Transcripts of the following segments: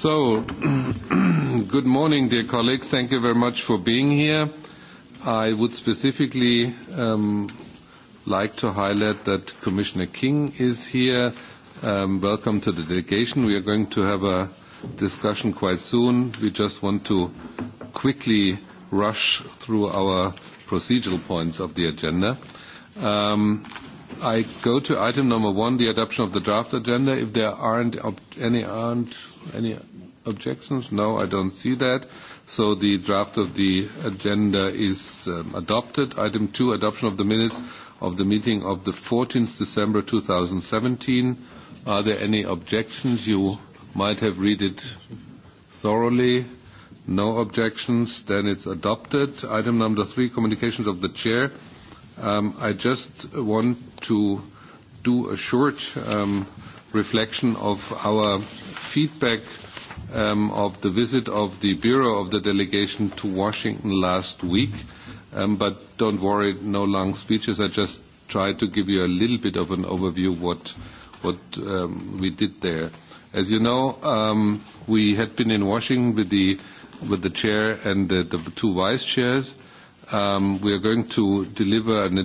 So, good morning, dear colleagues. Thank you very much for being here. I would specifically like to highlight that Commissioner King is here. Welcome to the delegation. We are going to have a discussion quite soon. We just want to quickly rush through our procedural points of the agenda. I go to item number one, the adoption of the draft agenda. If there aren't any aren't Any objections? No, I don't see that. So the draft of the agenda is um, adopted. Item two, adoption of the minutes of the meeting of the 14th December 2017. Are there any objections? You might have read it thoroughly. No objections. Then it's adopted. Item number three, communications of the chair. Um, I just want to do a short um, reflection of our feedback of the visit of the Bureau of the delegation to Washington last week. But don't worry, no long speeches. I just tried to give you a little bit of an overview of what we did there. As you know, um we had been in Washington with the with the chair and the the two vice chairs. We are going to deliver an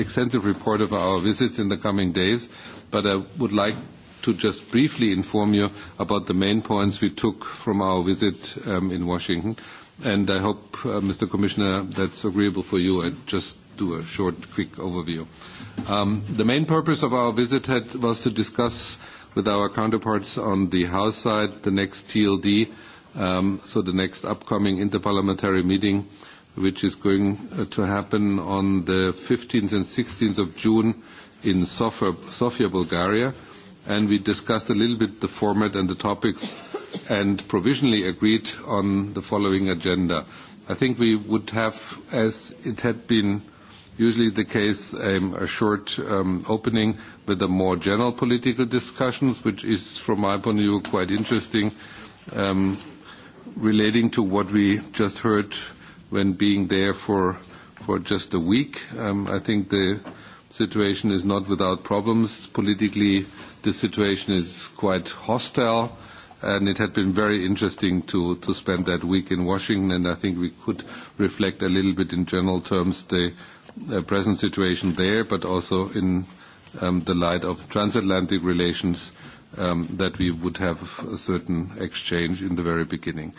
extensive report of our visits in the coming days, but I would like to just briefly inform you about the main points we took from our visit in Washington. And I hope, Mr. Commissioner, that's agreeable for you. I just do a short, quick overview. The main purpose of our visit was to discuss with our counterparts on the House side the next TLD, so the next upcoming interparliamentary meeting, which is going to happen on the 15th and 16th of June in Sofia, Bulgaria, and we discussed a little bit the format and the topics and provisionally agreed on the following agenda. I think we would have, as it had been usually the case, a short opening with a more general political discussions, which is, from my point of view, quite interesting, relating to what we just heard when being there for just a week. I think the situation is not without problems. Politically, the situation is quite hostile, and it had been very interesting to, to spend that week in Washington, and I think we could reflect a little bit in general terms the uh, present situation there, but also in um, the light of transatlantic relations um, that we would have a certain exchange in the very beginning.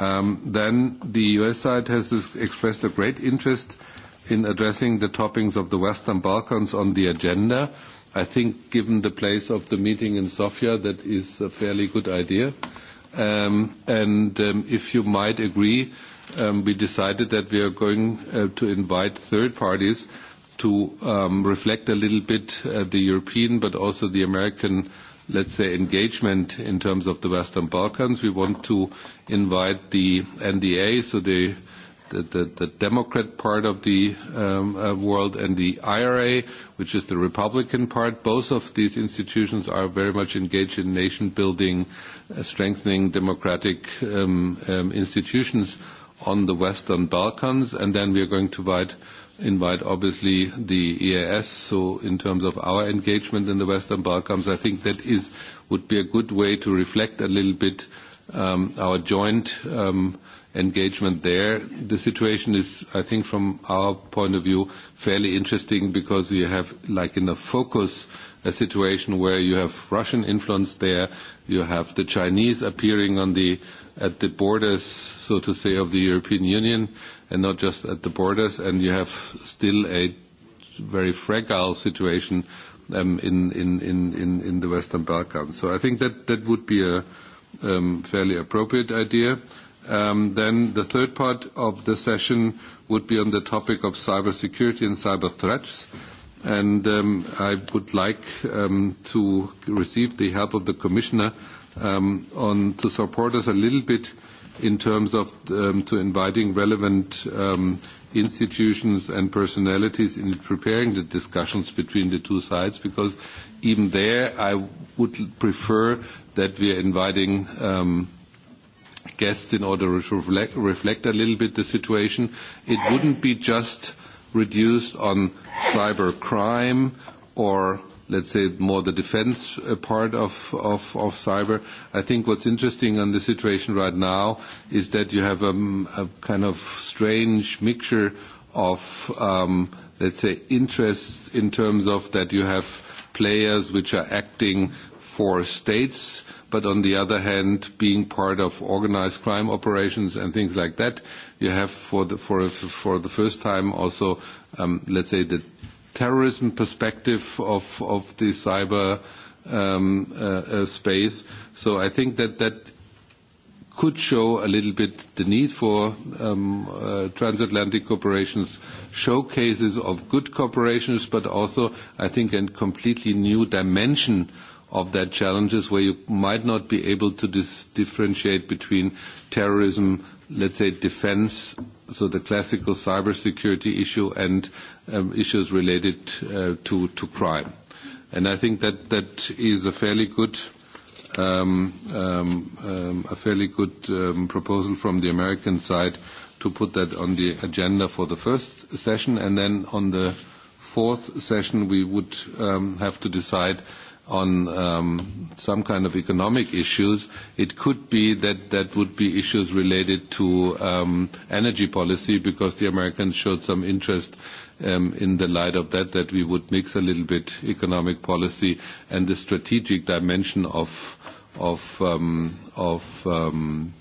Um, then the U.S. side has expressed a great interest uh, in addressing the topics of the Western Balkans on the agenda. I think given the place of the meeting in Sofia, that is a fairly good idea. And if you might agree, we decided that we are going to invite third parties to reflect a little bit the European, but also the American let's say, engagement in terms of the Western Balkans. We want to invite the NDA, so the the, the, the Democrat part of the um, uh, world and the IRA, which is the Republican part. Both of these institutions are very much engaged in nation building, uh, strengthening democratic um, um, institutions on the Western Balkans. And then we are going to invite, invite obviously the EAS. So in terms of our engagement in the Western Balkans, I think that is would be a good way to reflect a little bit um, our joint um, engagement there. The situation is, I think, from our point of view, fairly interesting because you have, like in a focus, a situation where you have Russian influence there, you have the Chinese appearing on the at the borders, so to say, of the European Union, and not just at the borders, and you have still a very fragile situation in, in, in, in, in the Western Balkans. So I think that, that would be a fairly appropriate idea. Then the third part of the session would be on the topic of cybersecurity and cyber threats. And I would like to receive the help of the commissioner on to support us a little bit in terms of to inviting relevant institutions and personalities in preparing the discussions between the two sides, because even there, I would prefer that we are inviting guests in order to reflect a little bit the situation. It wouldn't be just reduced on cyber crime or let's say, more the defense part of cyber. I think what's interesting on the situation right now is that you have a kind of strange mixture of, let's say, interests in terms of that you have players which are acting for states, but on the other hand, being part of organized crime operations and things like that, you have for the, for, for the first time also, um, let's say, the terrorism perspective of, of the cyber um, uh, uh, space. So I think that that could show a little bit the need for um, uh, transatlantic corporations, showcases of good corporations, but also, I think, a completely new dimension of that challenges where you might not be able to dis- differentiate between terrorism, let's say defense, so the classical cybersecurity issue and um, issues related uh, to, to crime. And I think that that is a fairly good um, um, um, a fairly good um, proposal from the American side to put that on the agenda for the first session and then on the fourth session we would um, have to decide uh, on um, some kind of economic issues. It could be that that would be issues related to um, energy policy because the Americans showed some interest um, in the light of that, that we would mix a little bit economic policy and the strategic dimension of, of, um, of um,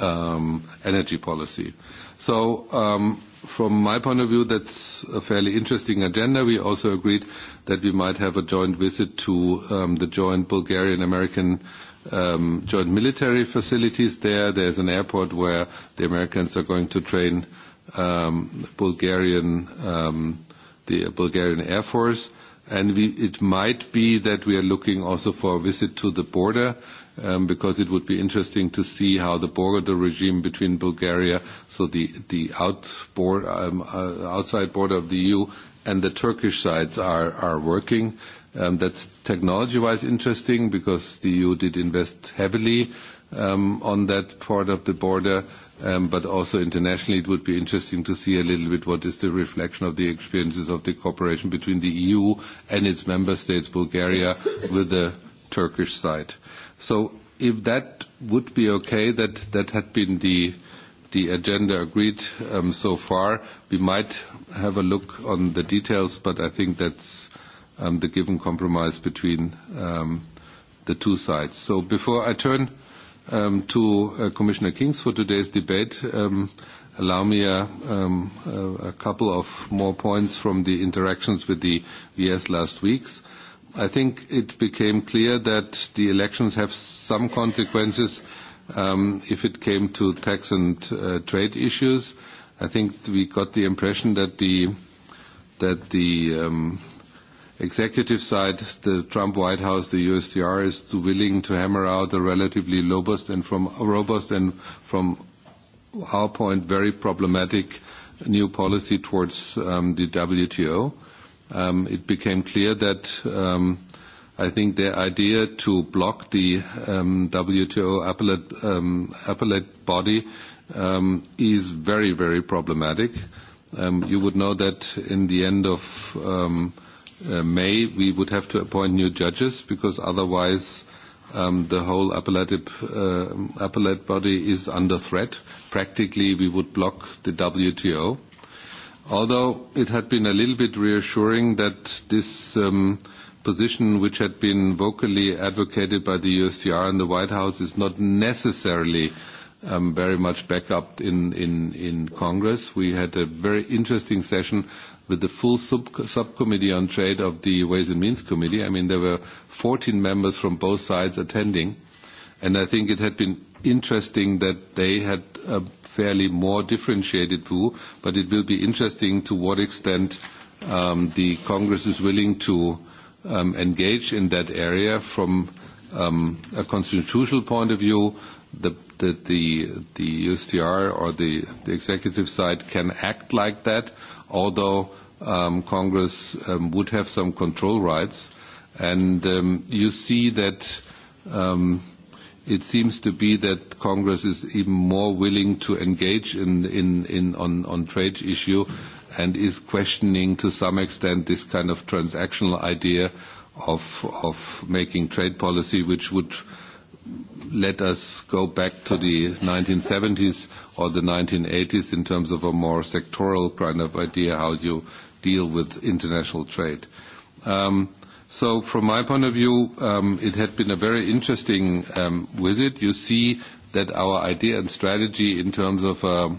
um, energy policy. So um, from my point of view, that's a fairly interesting agenda. We also agreed that we might have a joint visit to um, the joint Bulgarian-American um, joint military facilities there. There's an airport where the Americans are going to train um, Bulgarian, um, the Bulgarian Air Force. And we, it might be that we are looking also for a visit to the border um, because it would be interesting to see how the border regime between Bulgaria, so the, the outboard, um, uh, outside border of the EU, and the Turkish sides are, are working. Um, that's technology-wise interesting because the EU did invest heavily um, on that part of the border, um, but also internationally it would be interesting to see a little bit what is the reflection of the experiences of the cooperation between the EU and its member states, Bulgaria, with the Turkish side. So if that would be okay, that, that had been the, the agenda agreed um, so far, We might have a look on the details, but I think that's um, the given compromise between um, the two sides. So before I turn um, to uh, Commissioner Kings for today's debate, um, allow me a, um, a couple of more points from the interactions with the VS last week. I think it became clear that the elections have some consequences um, if it came to tax and uh, trade issues. I think we got the impression that the that the um, executive side, the Trump White House, the USDR, is too willing to hammer out a relatively robust and from robust and from our point very problematic new policy towards um, the WTO. Um, it became clear that um, I think their idea to block the um, WTO appellate, um, appellate body is very, very problematic. You would know that in the end of May, we would have to appoint new judges because otherwise, the whole appellate body is under threat. Practically, we would block the WTO. Although it had been a little bit reassuring that this position, which had been vocally advocated by the USTR and the White House, is not necessarily um, very much backed up in, in, in Congress. We had a very interesting session with the full subcommittee on trade of the Ways and Means Committee. I mean, there were 14 members from both sides attending, and I think it had been interesting that they had a fairly more differentiated view, but it will be interesting to what extent the Congress is willing to engage in that area from a constitutional point of view, the that the the USTR or the the executive side can act like that, although Congress would have some control rights. and You see that it seems to be that Congress is even more willing to engage in in in on on trade issue and is questioning to some extent this kind of transactional idea of of making trade policy, which would let us go back to the 1970s or the 1980s in terms of a more sectoral kind of idea how you deal with international trade. Um, so from my point of view, um, it had been a very interesting um, visit. You see that our idea and strategy in terms of, uh,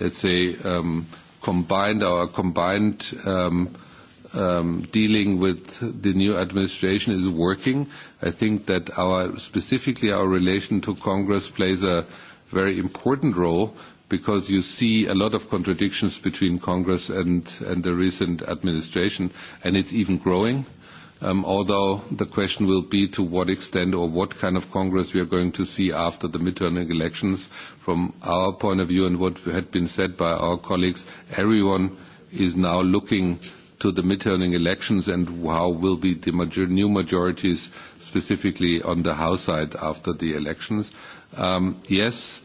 let's say, um, combined our combined um, um, dealing with the new administration is working I think that our, specifically our relation to Congress plays a very important role because you see a lot of contradictions between Congress and, and the recent administration, and it's even growing. Um, although the question will be to what extent or what kind of Congress we are going to see after the midterm elections. From our point of view and what had been said by our colleagues, everyone is now looking to the midterm elections and how will be the major, new majorities specifically on the House side after the elections. Yes,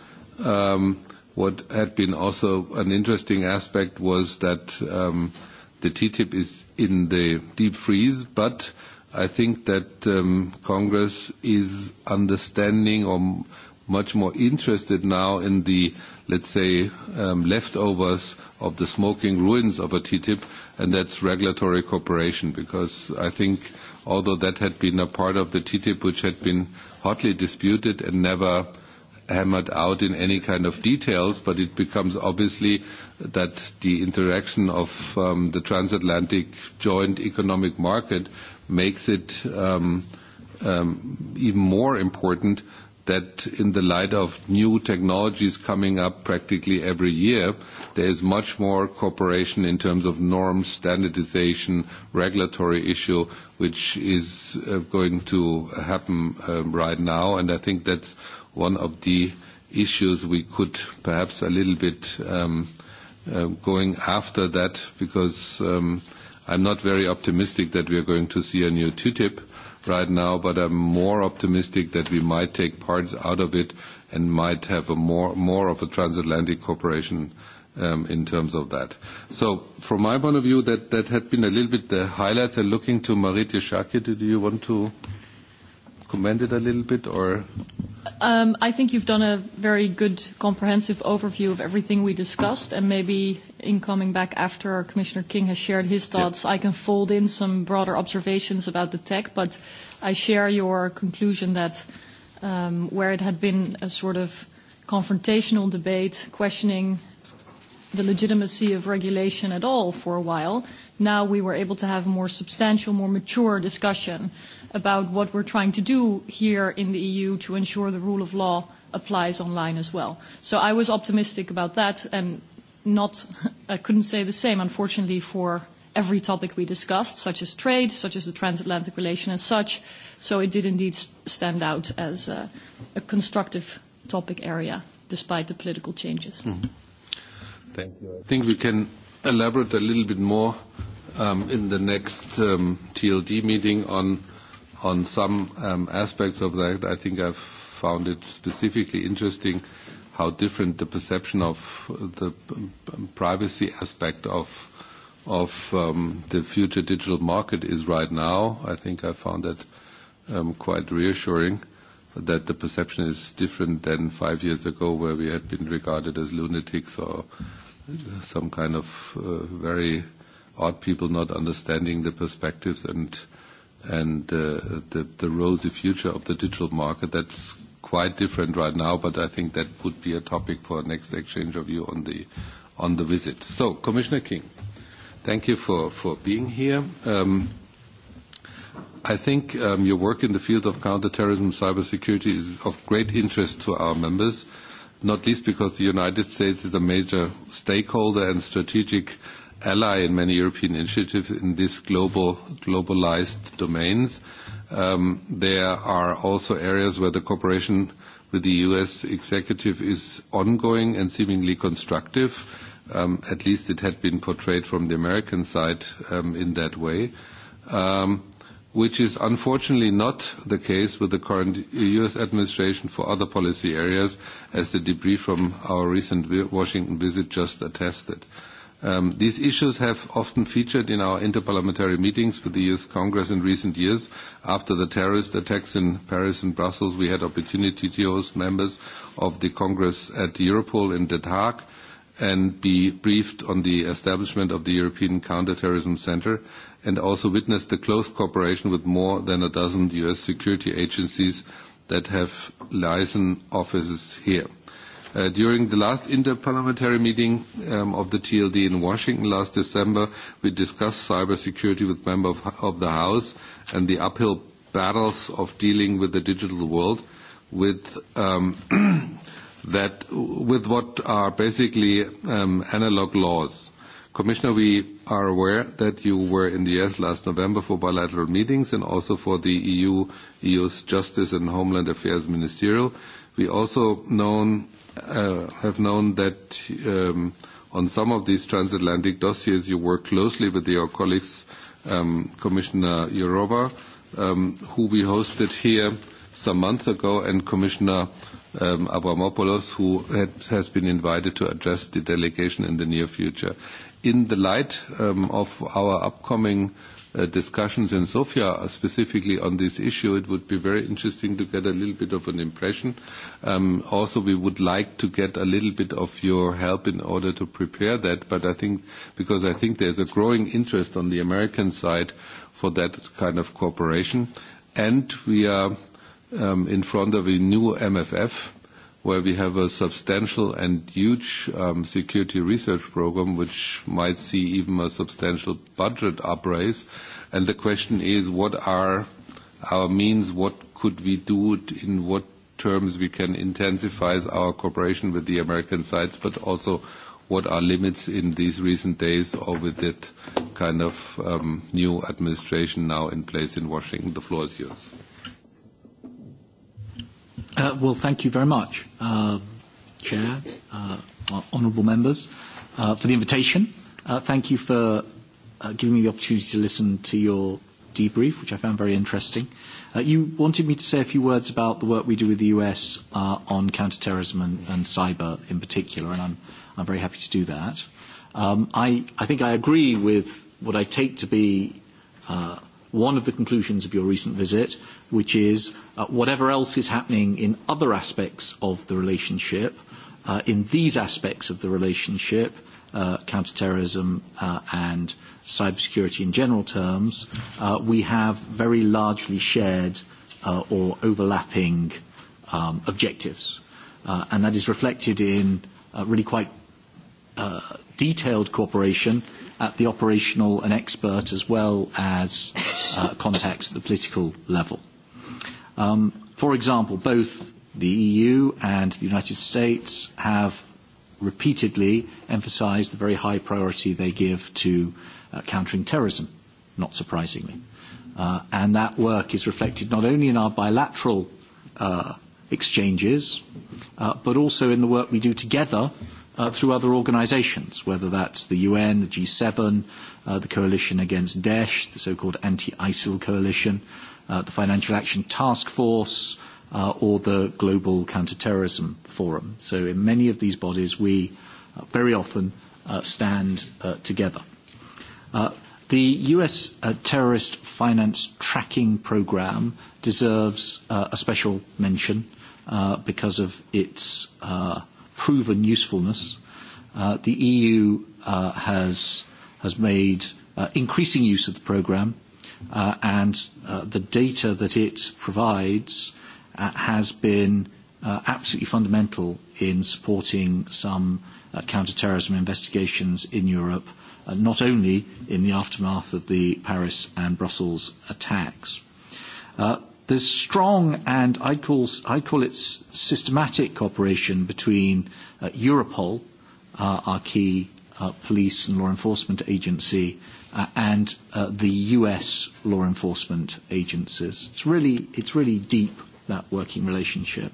what had been also an interesting aspect was that the TTIP is in the deep freeze, but I think that Congress is understanding or much more interested now in the, let's say, leftovers of the smoking ruins of a TTIP, and that's regulatory cooperation, because I think although that had been a part of the TTIP which had been hotly disputed and never hammered out in any kind of details, but it becomes obviously that the interaction of the transatlantic joint economic market makes it even more important that in the light of new technologies coming up practically every year, there is much more cooperation in terms of norms, standardization, regulatory issue, which is going to happen right now. And I think that's one of the issues we could perhaps a little bit going after that, because I'm not very optimistic that we are going to see a new TTIP right now, but I'm more optimistic that we might take parts out of it and might have a more more of a transatlantic cooperation in terms of that. So from my point of view, that that had been a little bit the highlights. And looking to Marietje Schaake, do you want to comment it a little bit or? Um, I think you've done a very good comprehensive overview of everything we discussed and maybe in coming back after Commissioner King has shared his thoughts, I can fold in some broader observations about the tech, but I share your conclusion that um, where it had been a sort of confrontational debate questioning the legitimacy of regulation at all for a while, now we were able to have a more substantial, more mature discussion about what we're trying to do here in the EU to ensure the rule of law applies online as well. So I was optimistic about that and not, I couldn't say the same, unfortunately, for every topic we discussed, such as trade, such as the transatlantic relation and such. So it did indeed stand out as a, a constructive topic area, despite the political changes. Thank you. I think we can elaborate a little bit more um, in the next um, TLD meeting on on some um, aspects of that, I think I've found it specifically interesting how different the perception of the privacy aspect of of um, the future digital market is right now. I think I found that um, quite reassuring that the perception is different than five years ago, where we had been regarded as lunatics or some kind of uh, very odd people not understanding the perspectives and and the the future of the digital market. That's quite different right now, but I think that would be a topic for next exchange of view on the on the visit. So, Commissioner King, thank you for for being here. I think um your work in the field of counterterrorism, cybersecurity is of great interest to our members, not least because the United States is a major stakeholder and strategic ally in many European initiatives in these global, globalized domains. Um, there are also areas where the cooperation with the U.S. executive is ongoing and seemingly constructive. Um, at least it had been portrayed from the American side um, in that way, um, which is unfortunately not the case with the current U.S. administration for other policy areas, as the debris from our recent Washington visit just attested. Uh, These issues have often featured in our interparliamentary meetings with the U.S. Congress in recent years. After the terrorist attacks in Paris and Brussels, we had opportunity to host members of the Congress at Europol in The Hague and be briefed on the establishment of the European Counterterrorism Centre, and also witnessed the close cooperation with more than a dozen U.S. security agencies that have liaison offices here. During the last interparliamentary meeting of the TLD in Washington last December, we discussed cybersecurity with members of the House and the uphill battles of dealing with the digital world with that with what are basically analog laws. Commissioner, we are aware that you were in the U.S. last November for bilateral meetings and also for the EU, EU's Justice and Homeland Affairs Ministerial. We also have known that on some of these transatlantic dossiers you work closely with your colleagues, Commissioner Jourova, who we hosted here some months ago, and Commissioner Avramopoulos, who had, has been invited to address the delegation in the near future in the light of our upcoming discussions in Sofia, specifically on this issue, it would be very interesting to get a little bit of an impression. also, we would like to get a little bit of your help in order to prepare that, but I think, because I think there's a growing interest on the American side for that kind of cooperation. And we are in front of a new MFF, where we have a substantial and huge security research program, which might see even a substantial budget upraise. And the question is, what are our means? What could we do? In what terms we can intensify our cooperation with the American sites, but also what are limits in these recent days or with that kind of new administration now in place in Washington? The floor is yours. Well, thank you very much, Chair, honourable members, for the invitation. Thank you for giving me the opportunity to listen to your debrief, which I found very interesting. You wanted me to say a few words about the work we do with the U.S. on counterterrorism and cyber in particular, and I'm I'm very happy to do that. I I think I agree with what I take to be one of the conclusions of your recent visit, which is whatever else is happening in other aspects of the relationship, in these aspects of the relationship, counterterrorism and cybersecurity in general terms, we have very largely shared or overlapping objectives. and that is reflected in really quite detailed cooperation at the operational and expert as well as contacts at the political level for example, both the EU and the United States have repeatedly emphasised the very high priority they give to countering terrorism, not surprisingly. and that work is reflected not only in our bilateral exchanges, but also in the work we do together uh, through other organisations, whether that's the UN, the G7, uh, the Coalition Against Daesh, the so-called Anti-ISIL Coalition, uh, the Financial Action Task Force, uh, or the Global Counterterrorism Forum. So in many of these bodies, we uh, very often uh, stand uh, together. Uh, the US uh, terrorist finance tracking program deserves uh, a special mention uh, because of its uh, proven usefulness. Uh, the EU uh, has, has made uh, increasing use of the programme uh, and uh, the data that it provides uh, has been uh, absolutely fundamental in supporting some uh, counter-terrorism investigations in Europe, uh, not only in the aftermath of the Paris and Brussels attacks. Uh, There's strong and I call, I call it systematic cooperation between uh, Europol, uh, our key uh, police and law enforcement agency, uh, and uh, the US law enforcement agencies. It's really, it's really deep, that working relationship.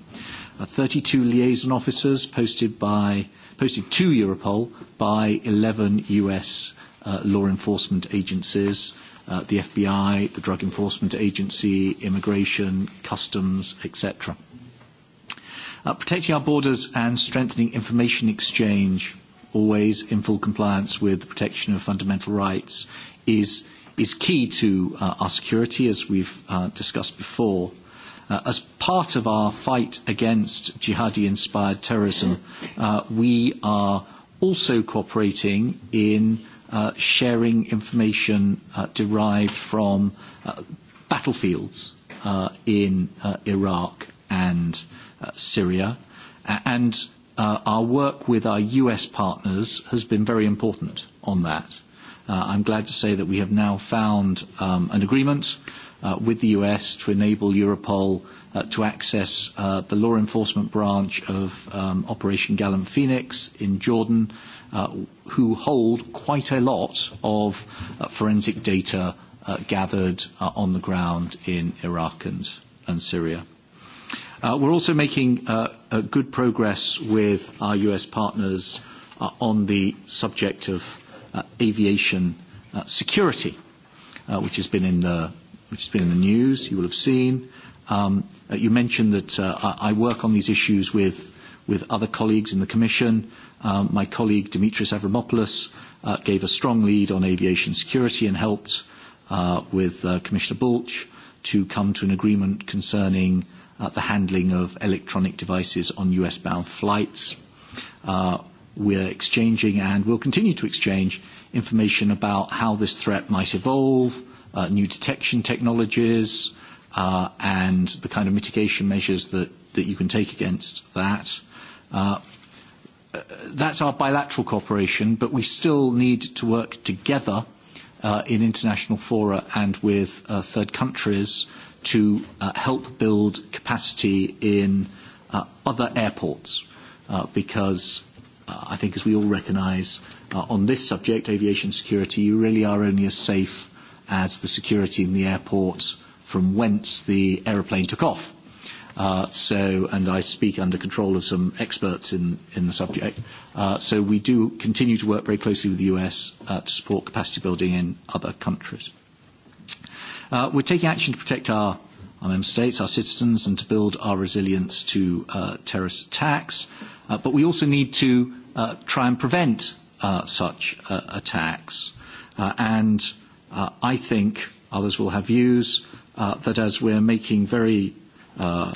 Uh, 32 liaison officers posted, by, posted to Europol by 11 US uh, law enforcement agencies the FBI, the Drug Enforcement Agency, immigration, customs, etc. protecting our borders and strengthening information exchange, always in full compliance with the protection of fundamental rights, is, is key to our security, as we've discussed before as part of our fight against jihadi inspired terrorism, we are also cooperating in sharing information derived from battlefields in Iraq and Syria. And our work with our US partners has been very important on that. I'm glad to say that we have now found an agreement with the US to enable Europol to access the law enforcement branch of Operation Gallant Phoenix in Jordan who hold quite a lot of forensic data gathered on the ground in Iraq and, and Syria. we're also making uh good progress with our US partners uh on the subject of uh aviation uh security, uh which has been in the which has been in the news. You will have seen. you mentioned that I work on these issues with with other colleagues in the Commission. my colleague Dimitris Avramopoulos gave a strong lead on aviation security and helped with Commissioner Bulch to come to an agreement concerning the handling of electronic devices on US-bound flights. we're exchanging and will continue to exchange information about how this threat might evolve, new detection technologies, and the kind of mitigation measures that, that you can take against that. That's our bilateral cooperation, but we still need to work together in international fora and with third countries to help build capacity in other airports. Because I think as we all recognise, on this subject, aviation security, you really are only as safe as the security in the airport from whence the aeroplane took off Uh, so, and I speak under control of some experts in, in the subject. Uh, so we do continue to work very closely with the US uh, to support capacity building in other countries. Uh, we're taking action to protect our, our member states, our citizens, and to build our resilience to uh, terrorist attacks. Uh, but we also need to uh, try and prevent uh, such uh, attacks. Uh, and uh, I think others will have views uh, that as we're making very uh,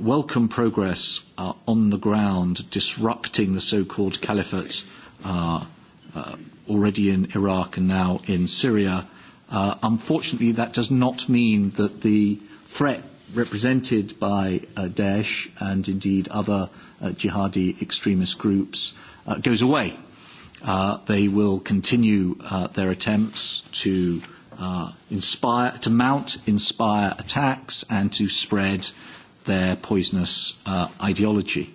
welcome progress on the ground disrupting the so-called caliphate already in Iraq and now in Syria. unfortunately, that does not mean that the threat represented by Daesh and indeed other jihadi extremist groups goes away. they will continue their attempts to inspire, to mount, inspire attacks and to spread their poisonous uh, ideology.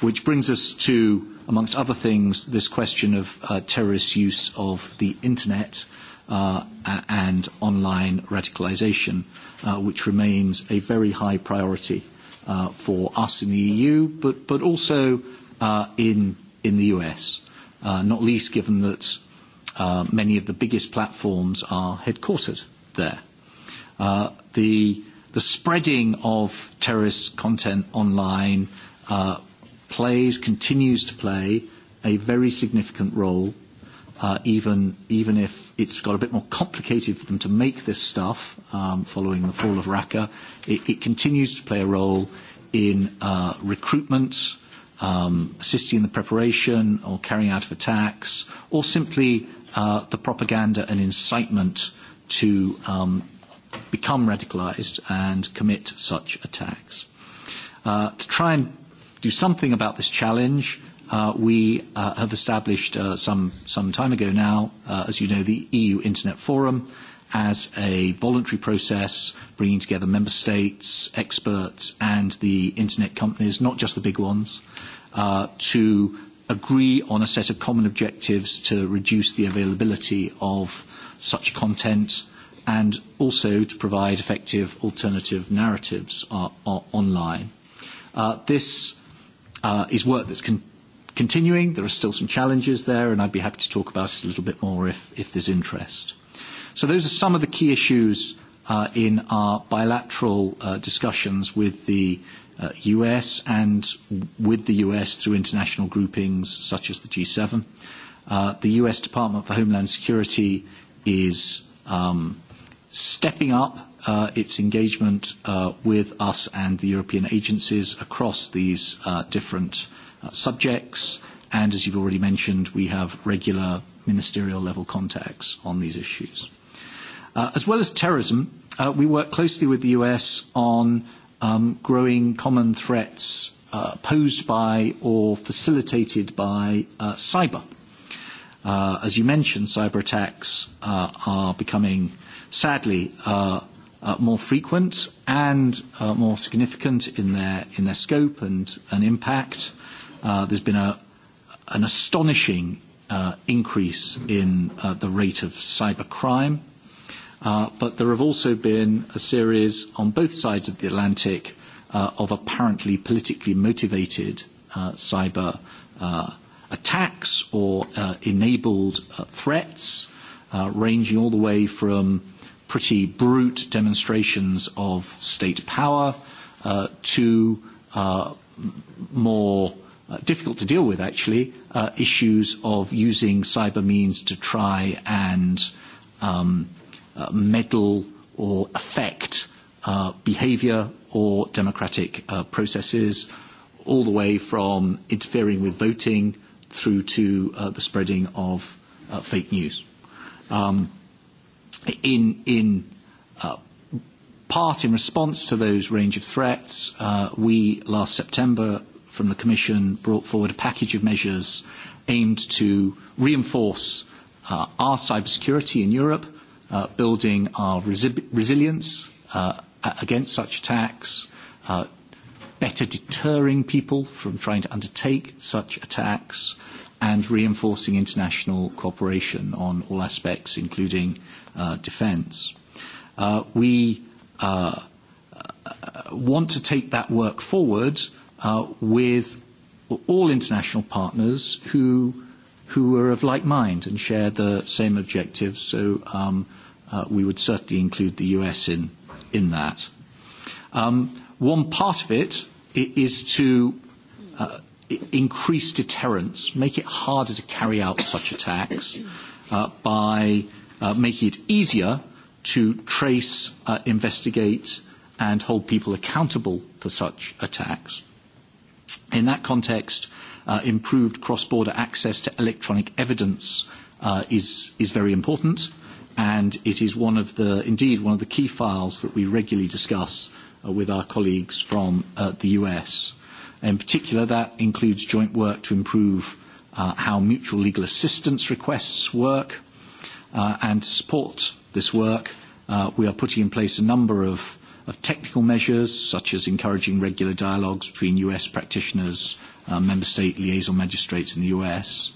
Which brings us to, amongst other things, this question of uh, terrorist use of the internet uh, and online radicalisation, uh, which remains a very high priority uh, for us in the EU, but, but also uh, in, in the US, uh, not least given that uh, many of the biggest platforms are headquartered there. Uh, the the spreading of terrorist content online uh, plays, continues to play a very significant role, uh, even, even if it's got a bit more complicated for them to make this stuff um, following the fall of Raqqa. It, it continues to play a role in uh, recruitment, um, assisting in the preparation or carrying out of attacks, or simply uh, the propaganda and incitement to um, become radicalised and commit such attacks. Uh, to try and do something about this challenge, uh, we uh, have established uh, some, some time ago now, uh, as you know, the EU Internet Forum as a voluntary process bringing together member states, experts, and the internet companies, not just the big ones, uh, to agree on a set of common objectives to reduce the availability of such content and also to provide effective alternative narratives online. this is work that's con- continuing. There are still some challenges there, and I'd be happy to talk about it a little bit more if, if there's interest. So those are some of the key issues in our bilateral discussions with the US and with the US through international groupings such as the G7. the US Department for Homeland Security is um, stepping up its engagement with us and the European agencies across these different subjects. And as you've already mentioned, we have regular ministerial level contacts on these issues. As well as terrorism, we work closely with the U.S. on growing common threats posed by or facilitated by cyber. As you mentioned, cyber attacks are becoming sadly, uh, uh, more frequent and uh, more significant in their, in their scope and, and impact. Uh, there's been a, an astonishing uh, increase in uh, the rate of cybercrime. Uh, but there have also been a series on both sides of the Atlantic uh, of apparently politically motivated uh, cyber uh, attacks or uh, enabled uh, threats, uh, ranging all the way from pretty brute demonstrations of state power uh, to uh, more uh, difficult to deal with, actually, uh, issues of using cyber means to try and um, uh, meddle or affect uh, behavior or democratic uh, processes, all the way from interfering with voting through to uh, the spreading of uh, fake news. Um, in, in part in response to those range of threats, uh, we last September from the Commission brought forward a package of measures aimed to reinforce uh, our cybersecurity in Europe, uh, building our resi- resilience uh, against such attacks, uh, better deterring people from trying to undertake such attacks, and reinforcing international cooperation on all aspects, including uh, defence. Uh, we uh, want to take that work forward uh, with all international partners who who are of like mind and share the same objectives. So um, uh, we would certainly include the US in in that. Um, one part of it is to uh, increase deterrence, make it harder to carry out such attacks uh, by uh, making it easier to trace, uh, investigate, and hold people accountable for such attacks. In that context, uh, improved cross-border access to electronic evidence uh, is, is very important, and it is one of the, indeed, one of the key files that we regularly discuss uh, with our colleagues from uh, the US. In particular, that includes joint work to improve how mutual legal assistance requests work. and to support this work, we are putting in place a number of, technical measures, such as encouraging regular dialogues between US practitioners, member state liaison magistrates in the US.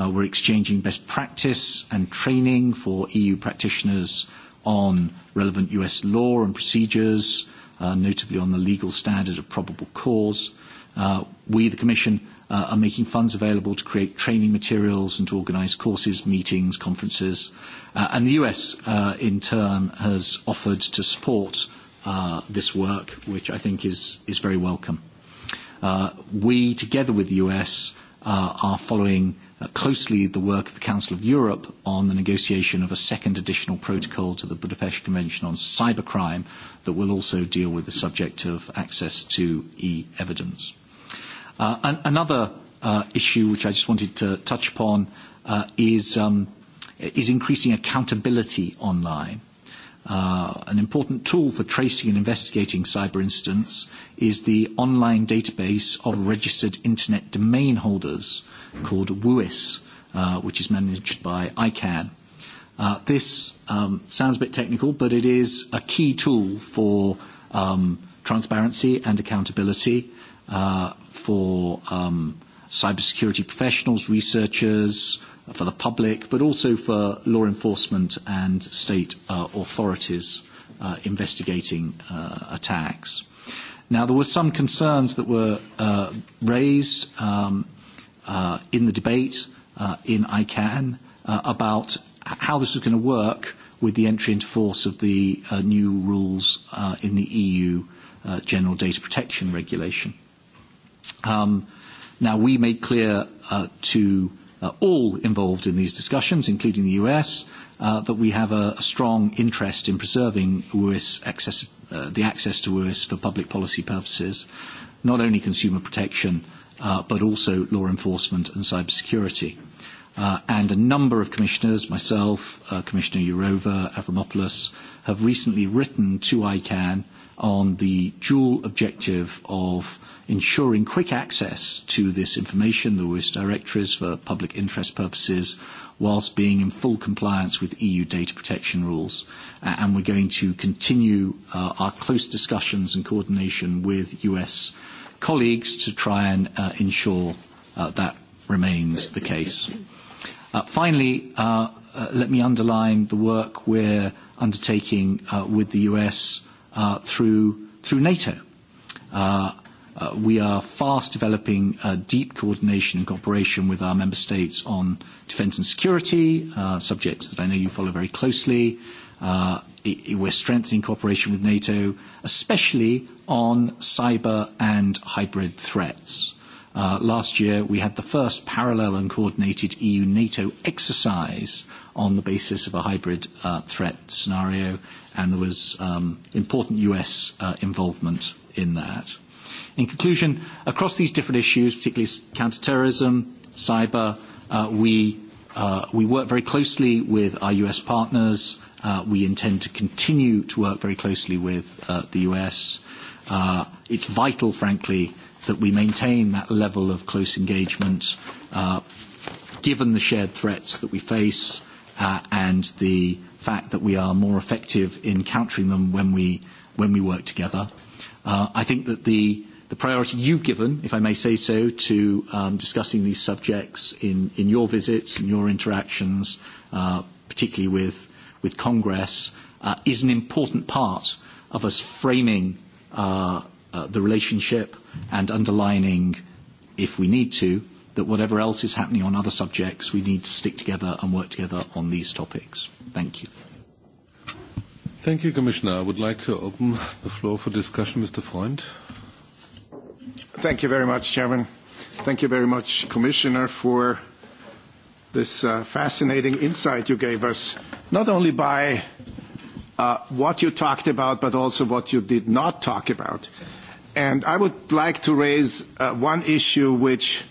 Uh, we're exchanging best practice and training for EU practitioners on relevant US law and procedures, notably on the legal standard of probable cause Uh, we, the Commission, uh, are making funds available to create training materials and to organise courses, meetings, conferences. Uh, and the US, uh, in turn, has offered to support uh, this work, which I think is, is very welcome. Uh, we, together with the US, uh, are following closely the work of the Council of Europe on the negotiation of a second additional protocol to the Budapest Convention on Cybercrime that will also deal with the subject of access to e-evidence. Another issue which I just wanted to touch upon is increasing accountability online. An important tool for tracing and investigating cyber incidents is the online database of registered internet domain holders called WUIS, which is managed by ICANN. This sounds a bit technical, but it is a key tool for transparency and accountability uh, for um, cybersecurity professionals, researchers, for the public, but also for law enforcement and state uh, authorities uh, investigating uh, attacks. Now, there were some concerns that were uh, raised um, uh, in the debate uh, in ICANN uh, about how this was going to work with the entry into force of the uh, new rules uh, in the EU uh, General Data Protection Regulation. Uh, Now, we made clear to all involved in these discussions, including the U.S., that we have a strong interest in preserving the access to US for public policy purposes, not only consumer protection, but also law enforcement and cybersecurity. And a number of commissioners, myself, Commissioner Jourova, Avramopoulos, have recently written to ICANN on the dual objective of ensuring quick access to this information, the WIS directories for public interest purposes, whilst being in full compliance with EU data protection rules. and we're going to continue our close discussions and coordination with US colleagues to try and ensure that remains the case. finally, let me underline the work we're undertaking with the US through, through NATO we are fast developing deep coordination and cooperation with our member states on defence and security, subjects that I know you follow very closely. We're strengthening cooperation with NATO, especially on cyber and hybrid threats. Last year, we had the first parallel and coordinated EU-NATO exercise on the basis of a hybrid threat scenario, and there was important U.S. involvement in that. In conclusion, across these different issues, particularly counterterrorism, cyber, we work very closely with our U.S. partners. We intend to continue to work very closely with the U.S. It's vital, frankly, that we maintain that level of close engagement, given the shared threats that we face, and the fact that we are more effective in countering them when we work together. I think that the the priority you've given, if I may say so, to um, discussing these subjects in, in your visits and your interactions, uh, particularly with, with Congress, uh, is an important part of us framing uh, uh, the relationship and underlining, if we need to, that whatever else is happening on other subjects, we need to stick together and work together on these topics. Thank you. Thank you, Commissioner. I would like to open the floor for discussion. Mr. Freund. Thank you very much, Chairman. Thank you very much, Commissioner, for this fascinating insight you gave us, not only by what you talked about, but also what you did not talk about. And I would like to raise one issue which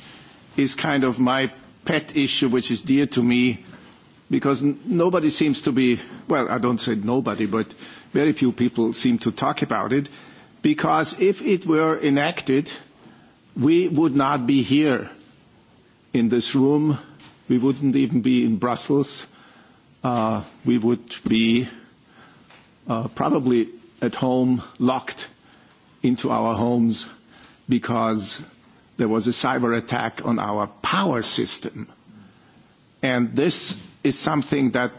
is kind of my pet issue, which is dear to me, because nobody seems to be, well, I don't say nobody, but very few people seem to talk about it, because if it were enacted, we would not be here in this room. We wouldn't even be in Brussels. Uh, we would be uh, probably at home, locked into our homes because there was a cyber attack on our power system. And this is something that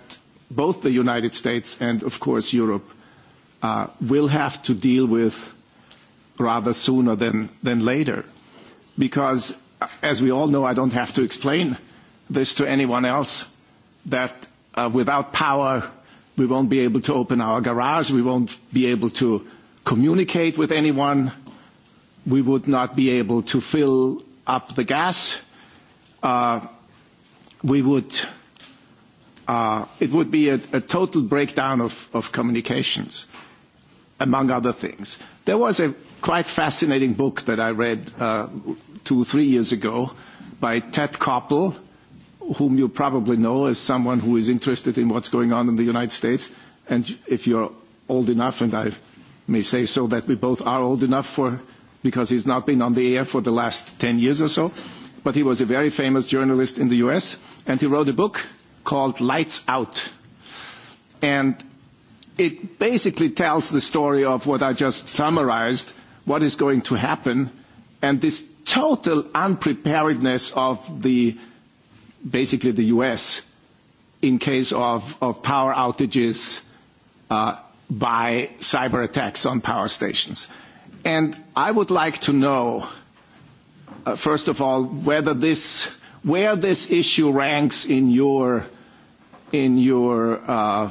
both the United States and, of course, Europe will have to deal with rather sooner than, than later. Because, as we all know, I don't have to explain this to anyone else, that uh, without power, we won't be able to open our garage, we won't be able to communicate with anyone, we would not be able to fill up the gas, uh, we would it would be a, total breakdown of, communications among other things. There was a quite fascinating book that I read uh, two, three years ago by Ted Koppel, whom you probably know as someone who is interested in what's going on in the United States. And if you're old enough, and I may say so that we both are old enough for, because he's not been on the air for the last 10 years or so, but he was a very famous journalist in the US, and he wrote a book called Lights Out. And It basically tells the story of what I just summarized, what is going to happen, and this total unpreparedness of the basically the U.S. in case of, of power outages uh, by cyber attacks on power stations. And I would like to know, uh, first of all, whether this, where this issue ranks in your, in your uh,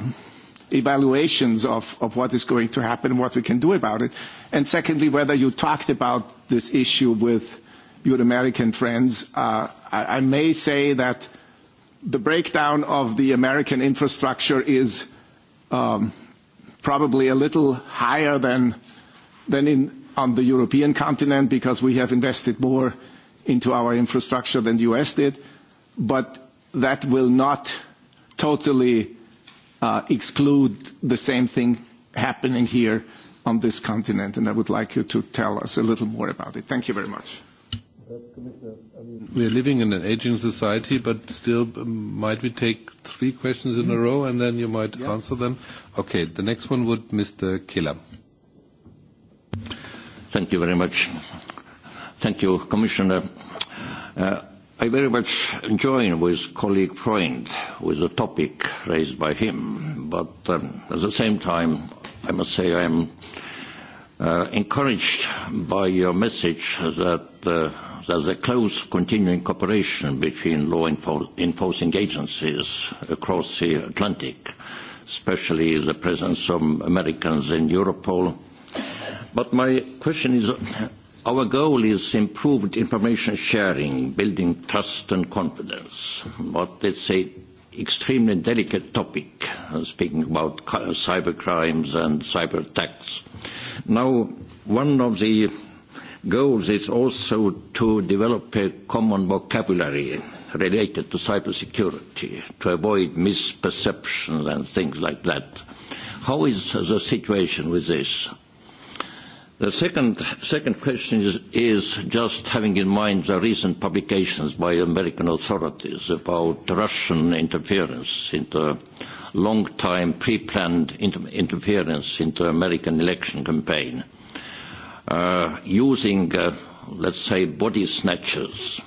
evaluations of, of what is going to happen, what we can do about it. And secondly, whether you talked about this issue with your American friends. Uh, I, I may say that the breakdown of the American infrastructure is um, probably a little higher than, than in, on the European continent because we have invested more into our infrastructure than the US did. But that will not totally exclude the same thing happening here on this continent, and I would like you to tell us a little more about it. Thank you very much. We are living in an aging society, but still, might we take three questions in a row, and then you might yeah. answer them? Okay, the next one would Mr. Killer. Thank you very much. Thank you, Commissioner. I very much join with colleague Freund with the topic raised by him, but um, at the same time, I must say I am uh, encouraged by your message that uh, there's a close continuing cooperation between law enforcing agencies across the Atlantic, especially the presence of Americans in Europol. But my question is Our goal is improved information sharing, building trust and confidence. but it's an extremely delicate topic, speaking about cyber crimes and cyber attacks. Now, one of the goals is also to develop a common vocabulary related to cybersecurity, to avoid misperceptions and things like that. How is the situation with this? The second, second question is, is just having in mind the recent publications by American authorities about Russian interference into long time pre planned inter- interference into American election campaign uh, using, uh, let's say, body snatchers,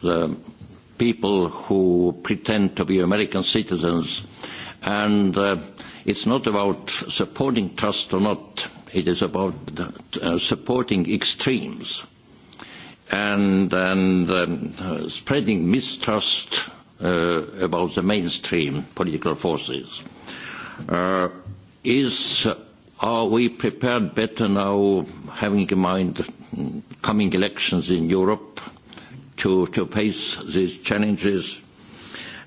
the people who pretend to be American citizens, and uh, it's not about supporting trust or not It is about uh, supporting extremes and, and um, uh, spreading mistrust uh, about the mainstream political forces. Uh, is are we prepared better now, having in mind coming elections in Europe, to, to face these challenges?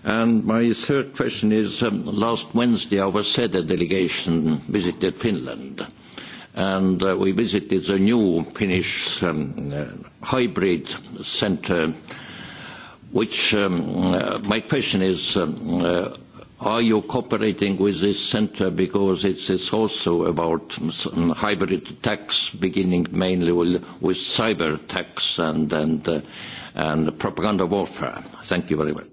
And my third question is, um, last Wednesday our SEDA delegation visited Finland and uh, we visited the new Finnish um, uh, hybrid center. Which um, uh, my question is: um, uh, Are you cooperating with this center because it is also about um, hybrid attacks, beginning mainly with, with cyber attacks and and uh, and propaganda warfare? Thank you very much.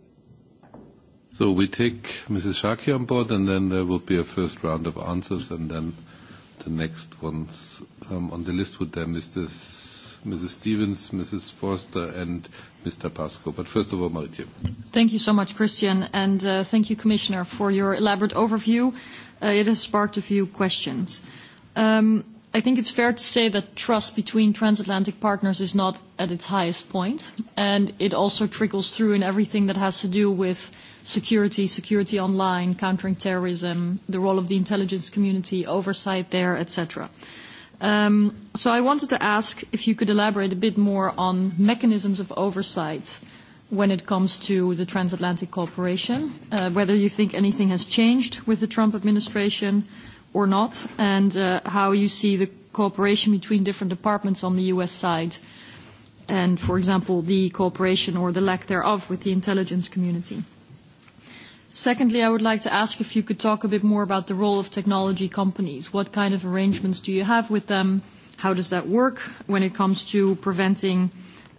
So we take Mrs. Shaki on board, and then there will be a first round of answers, and then The next ones um, on the list would then Mrs. Stevens, Mrs. Forster, and Mr. Pascoe. But first of all, Maritje. Thank you so much, Christian, and uh, thank you, Commissioner, for your elaborate overview. Uh, it has sparked a few questions. Um, I think it's fair to say that trust between transatlantic partners is not at its highest point, and it also trickles through in everything that has to do with – security, security online, countering terrorism, the role of the intelligence community, oversight there, etc. Um, so I wanted to ask if you could elaborate a bit more on mechanisms of oversight when it comes to the transatlantic cooperation, uh, whether you think anything has changed with the Trump administration or not, and uh, how you see the cooperation between different departments on the U.S. side and, for example, the cooperation or the lack thereof with the intelligence community. Secondly, I would like to ask if you could talk a bit more about the role of technology companies. What kind of arrangements do you have with them? How does that work when it comes to preventing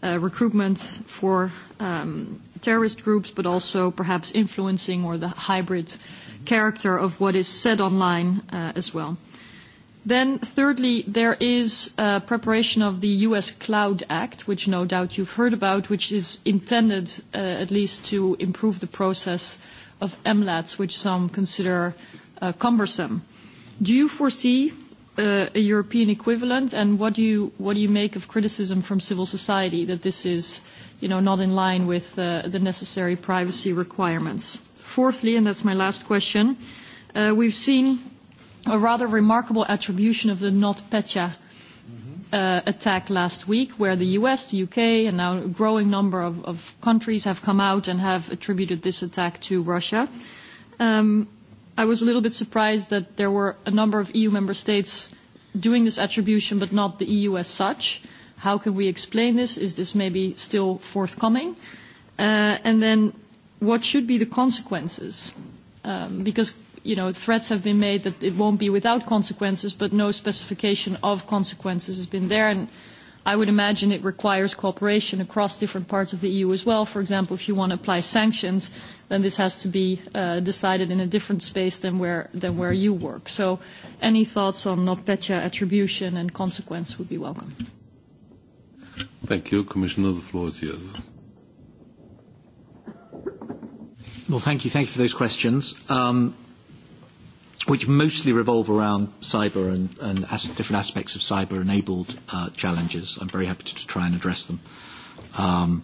recruitment for terrorist groups, but also perhaps influencing or the hybrid character of what is said online as well? Then thirdly, there is preparation of the U.S. Cloud Act, which no doubt you've heard about, which is intended at least to improve the process of MLATs, which some consider cumbersome. Do you foresee a European equivalent, and what do you make of criticism from civil society that this is, you know, not in line with the necessary privacy requirements? Fourthly, and that's my last question, we've seen a rather remarkable attribution of the NotPetya uh, attack last week, where the US, the UK, and now a growing number of, of countries have come out and have attributed this attack to Russia. I was a little bit surprised that there were a number of EU member states doing this attribution, but not the EU as such. How can we explain this? Is this maybe still forthcoming? and then what should be the consequences? because you know, threats have been made that it won't be without consequences, but no specification of consequences has been there. And I would imagine it requires cooperation across different parts of the EU as well. For example, if you want to apply sanctions, then this has to be uh, decided in a different space than where, than where you work. So any thoughts on NotPetya attribution and consequence would be welcome. Thank you. Commissioner, the floor is yours. Well, thank you. Thank you for those questions. Um, which mostly revolve around cyber and, and as, different aspects of cyber-enabled uh, challenges. I'm very happy to, to try and address them. Um,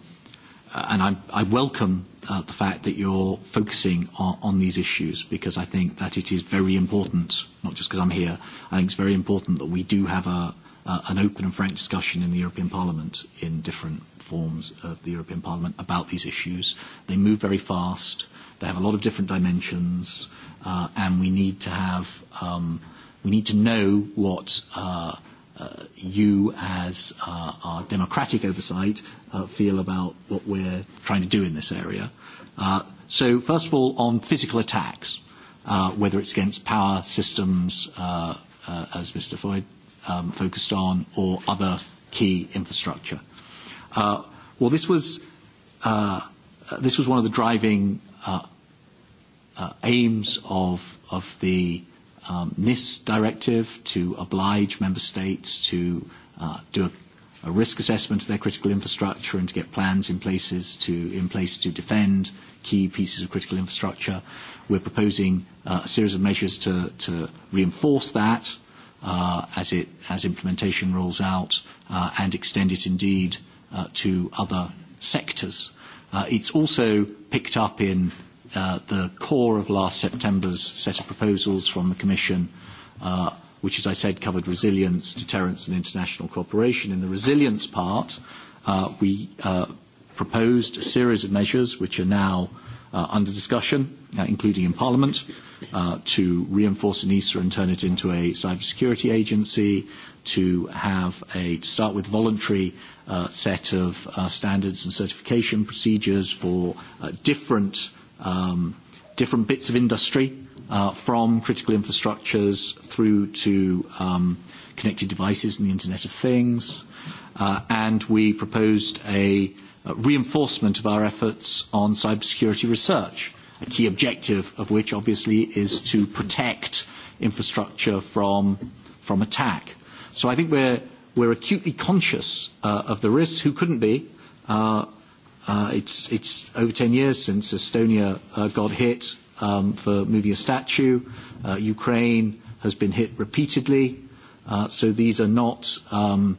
and I, I welcome uh, the fact that you're focusing on, on these issues because I think that it is very important, not just because I'm here, I think it's very important that we do have a, uh, an open and frank discussion in the European Parliament in different forms of the European Parliament about these issues. They move very fast. They have a lot of different dimensions uh, and we need to have um, we need to know what uh, uh, you as uh, our democratic oversight uh, feel about what we're trying to do in this area. Uh, so first of all, on physical attacks, uh, whether it's against power systems, uh, uh, as Mr. Floyd um, focused on, or other key infrastructure. Uh, well, this was uh, this was one of the driving uh, uh, aims of, of the um, NIS directive to oblige member states to uh, do a a risk assessment of their critical infrastructure and to get plans in, places to, in place to defend key pieces of critical infrastructure. We're proposing uh, a series of measures to, to reinforce that uh, as, it, as implementation rolls out uh, and extend it indeed uh, to other sectors. Uh, it's also picked up in the core of last September's set of proposals from the Commission, which, as I said, covered resilience, deterrence, and international cooperation. In the resilience part, we proposed a series of measures which are now under discussion, including in Parliament, to reinforce ENISA and turn it into a cybersecurity agency, to have a to start with voluntary set of standards and certification procedures for different um, different bits of industry, uh, from critical infrastructures through to um, connected devices and the Internet of Things. Uh, and we proposed a, a reinforcement of our efforts on cybersecurity research, a key objective of which, obviously, is to protect infrastructure from, from attack. So I think we're, we're acutely conscious uh, of the risks. Who couldn't be? Uh, Uh, it's, it's over 10 years since Estonia uh, got hit um, for moving a statue. Uh, Ukraine has been hit repeatedly. Uh, so these are not um,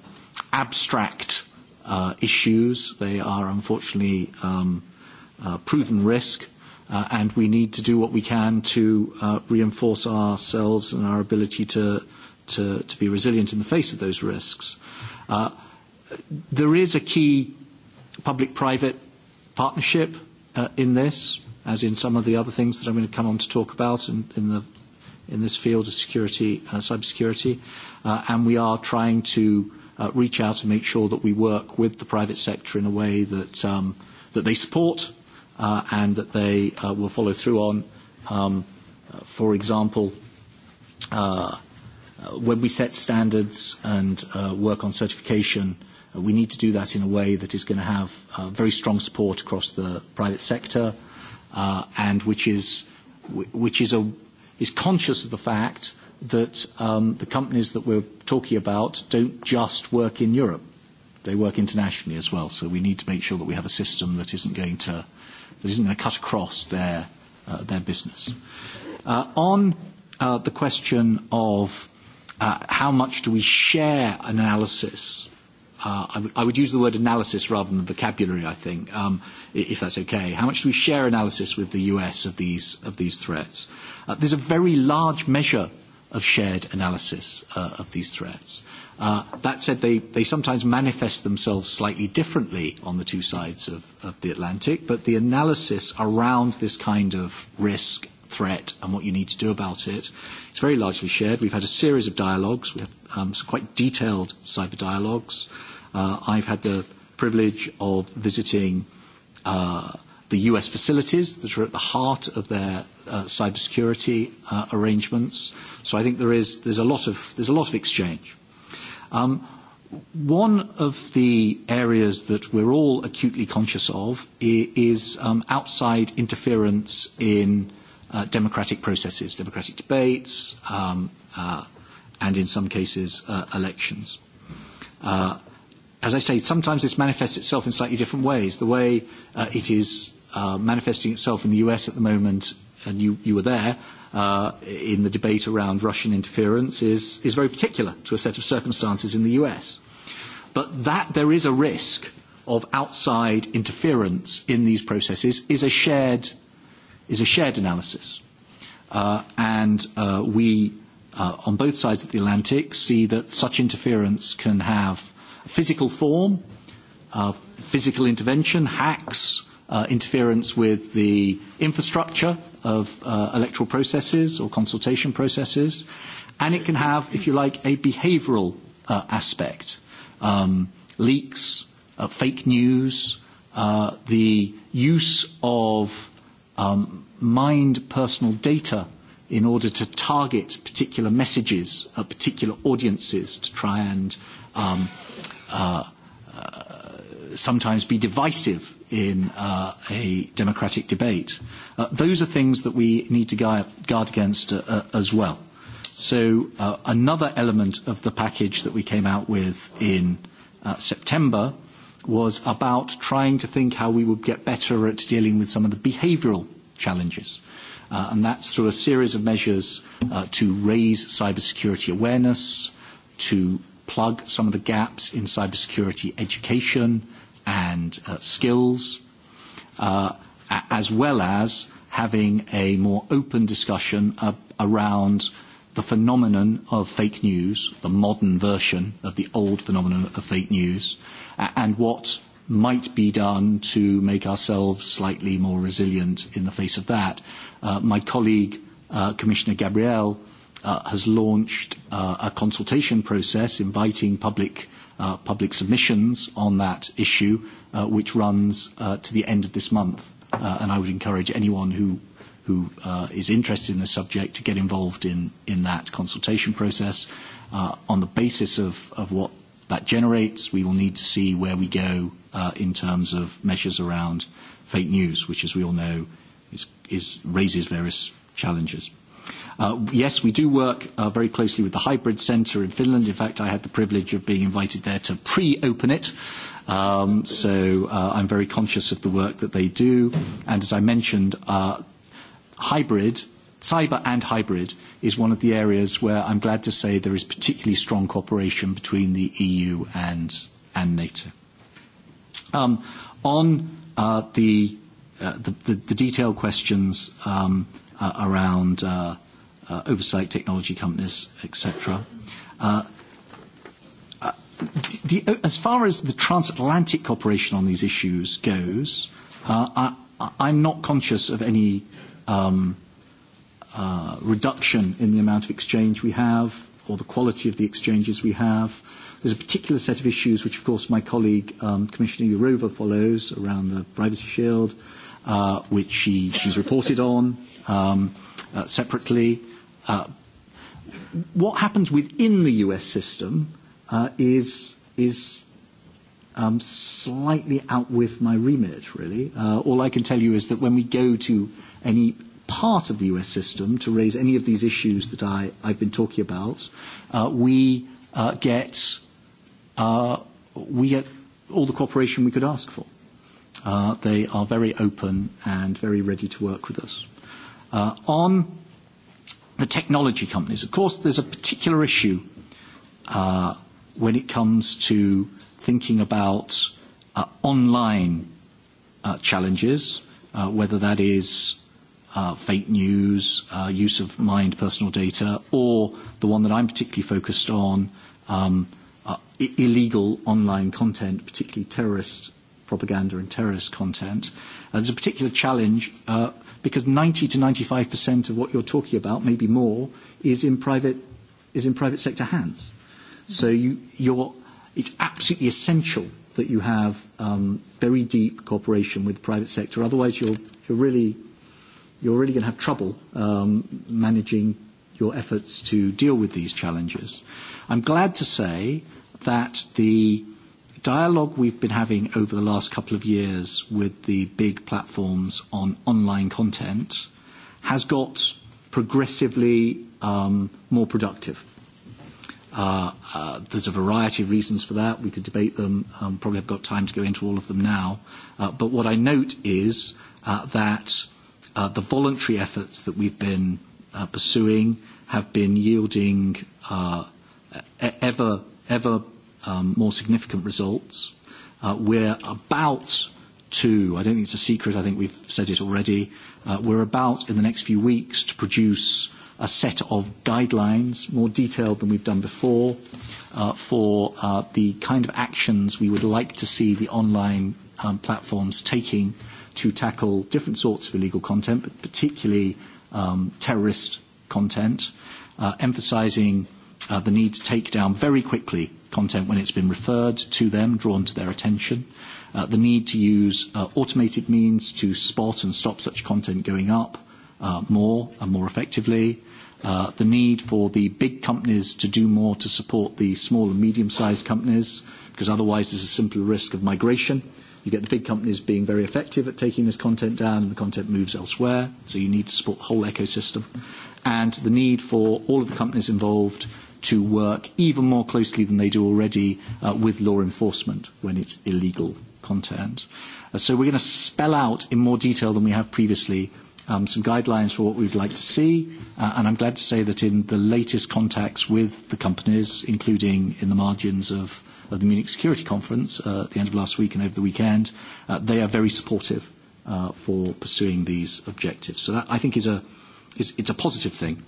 abstract uh, issues. They are unfortunately um, uh, proven risk. Uh, and we need to do what we can to uh, reinforce ourselves and our ability to, to, to be resilient in the face of those risks. Uh, there is a key public-private partnership uh, in this, as in some of the other things that I'm going to come on to talk about in, in, the, in this field of security, uh, cybersecurity. Uh, and we are trying to uh, reach out and make sure that we work with the private sector in a way that, um, that they support uh, and that they uh, will follow through on. Um, for example, uh, when we set standards and uh, work on certification, uh, We need to do that in a way that is going to have very strong support across the private sector, and which is which is a is conscious of the fact that the companies that we're talking about don't just work in Europe. They work internationally as well. So we need to make sure that we have a system that isn't going to that isn't going to cut across their their business. On the question of how much do we share analysis uh, I, w- I would use the word analysis rather than vocabulary, I think, um, if that's okay. How much do we share analysis with the US of these, of these threats? Uh, there's a very large measure of shared analysis uh, of these threats. Uh, that said, they, they sometimes manifest themselves slightly differently on the two sides of, of the Atlantic, but the analysis around this kind of risk threat and what you need to do about it. It's very largely shared. We've had a series of dialogues. We have um, some quite detailed cyber dialogues. Uh, I've had the privilege of visiting uh, the US facilities that are at the heart of their uh, cybersecurity uh, arrangements. So I think there is there's a lot of there's a lot of exchange. Um, one of the areas that we're all acutely conscious of is um, outside interference in uh, democratic processes, democratic debates, um, uh, and in some cases, uh, elections. Uh, as I say, sometimes this manifests itself in slightly different ways. The way uh, it is uh, manifesting itself in the US at the moment, and you, you were there, uh, in the debate around Russian interference is, is very particular to a set of circumstances in the US. But that there is a risk of outside interference in these processes is a shared is a shared analysis. Uh, and uh, we, uh, on both sides of the Atlantic, see that such interference can have a physical form, uh, physical intervention, hacks, uh, interference with the infrastructure of uh, electoral processes or consultation processes, and it can have, if you like, a behavioural uh, aspect. Um, leaks, uh, fake news, uh, the use of um, mined personal data in order to target particular messages at particular audiences to try and um, uh, uh, sometimes be divisive in uh, a democratic debate. Uh, those are things that we need to guard against uh, as well. So uh, another element of the package that we came out with in uh, September was about trying to think how we would get better at dealing with some of the behavioural challenges. and that's through a series of measures to raise cybersecurity awareness, to plug some of the gaps in cybersecurity education and skills, as well as having a more open discussion around the phenomenon of fake news, the modern version of the old phenomenon of fake news, and what might be done to make ourselves slightly more resilient in the face of that. My colleague, Commissioner Gabriel, has launched a consultation process inviting public submissions on that issue, which runs to the end of this month. And I would encourage anyone who is interested in the subject to get involved in, that consultation process. on the basis of what that generates. We will need to see where we go uh, in terms of measures around fake news, which, as we all know, is, is, raises various challenges. Uh, yes, we do work uh, very closely with the Hybrid Centre in Finland. In fact, I had the privilege of being invited there to pre-open it. Um, so uh, I'm very conscious of the work that they do. And as I mentioned, uh, hybrid Cyber and hybrid is one of the areas where I'm glad to say there is particularly strong cooperation between the EU and, and NATO. Um, on uh, the, uh, the, the, the detailed questions um, uh, around uh, uh, oversight technology companies, etc., uh, as far as the transatlantic cooperation on these issues goes, uh, I, I'm not conscious of any um, – uh, reduction in the amount of exchange we have or the quality of the exchanges we have. There's a particular set of issues which, of course, my colleague um, Commissioner Yurova follows around the Privacy Shield, uh, which she, she's reported on um, uh, separately. Uh, what happens within the US system uh, is, is um, slightly out with my remit, really. Uh, all I can tell you is that when we go to any part of the US system to raise any of these issues that I, I've been talking about, uh, we, uh, get, uh, we get all the cooperation we could ask for. Uh, they are very open and very ready to work with us. Uh, on the technology companies, of course, there's a particular issue uh, when it comes to thinking about uh, online uh, challenges, uh, whether that is uh, fake news, uh, use of mined personal data, or the one that I'm particularly focused on, um, uh, illegal online content, particularly terrorist propaganda and terrorist content. Uh, there's a particular challenge uh, because 90 to 95% of what you're talking about, maybe more, is in private, is in private sector hands. So you, you're, it's absolutely essential that you have um, very deep cooperation with the private sector. Otherwise, you're, you're really you're really going to have trouble um, managing your efforts to deal with these challenges. I'm glad to say that the dialogue we've been having over the last couple of years with the big platforms on online content has got progressively um, more productive. Uh, uh, there's a variety of reasons for that. We could debate them. Um, probably have got time to go into all of them now. Uh, but what I note is uh, that the voluntary efforts that we've been uh, pursuing have been yielding uh, ever, ever um, more significant results. Uh, we're about to, I don't think it's a secret, I think we've said it already, uh, we're about in the next few weeks to produce a set of guidelines, more detailed than we've done before, uh, for uh, the kind of actions we would like to see the online um, platforms taking to tackle different sorts of illegal content, but particularly um, terrorist content, uh, emphasizing uh, the need to take down very quickly content when it's been referred to them, drawn to their attention, uh, the need to use uh, automated means to spot and stop such content going up uh, more and more effectively, uh, the need for the big companies to do more to support the small and medium-sized companies, because otherwise there's a simple risk of migration You get the big companies being very effective at taking this content down, and the content moves elsewhere, so you need to support the whole ecosystem. And the need for all of the companies involved to work even more closely than they do already uh, with law enforcement when it's illegal content. Uh, so we're going to spell out in more detail than we have previously um, some guidelines for what we'd like to see. Uh, and I'm glad to say that in the latest contacts with the companies, including in the margins of of the Munich Security Conference uh, at the end of last week and over the weekend, uh, they are very supportive uh, for pursuing these objectives. So that, I think, is a, is, it's a positive thing.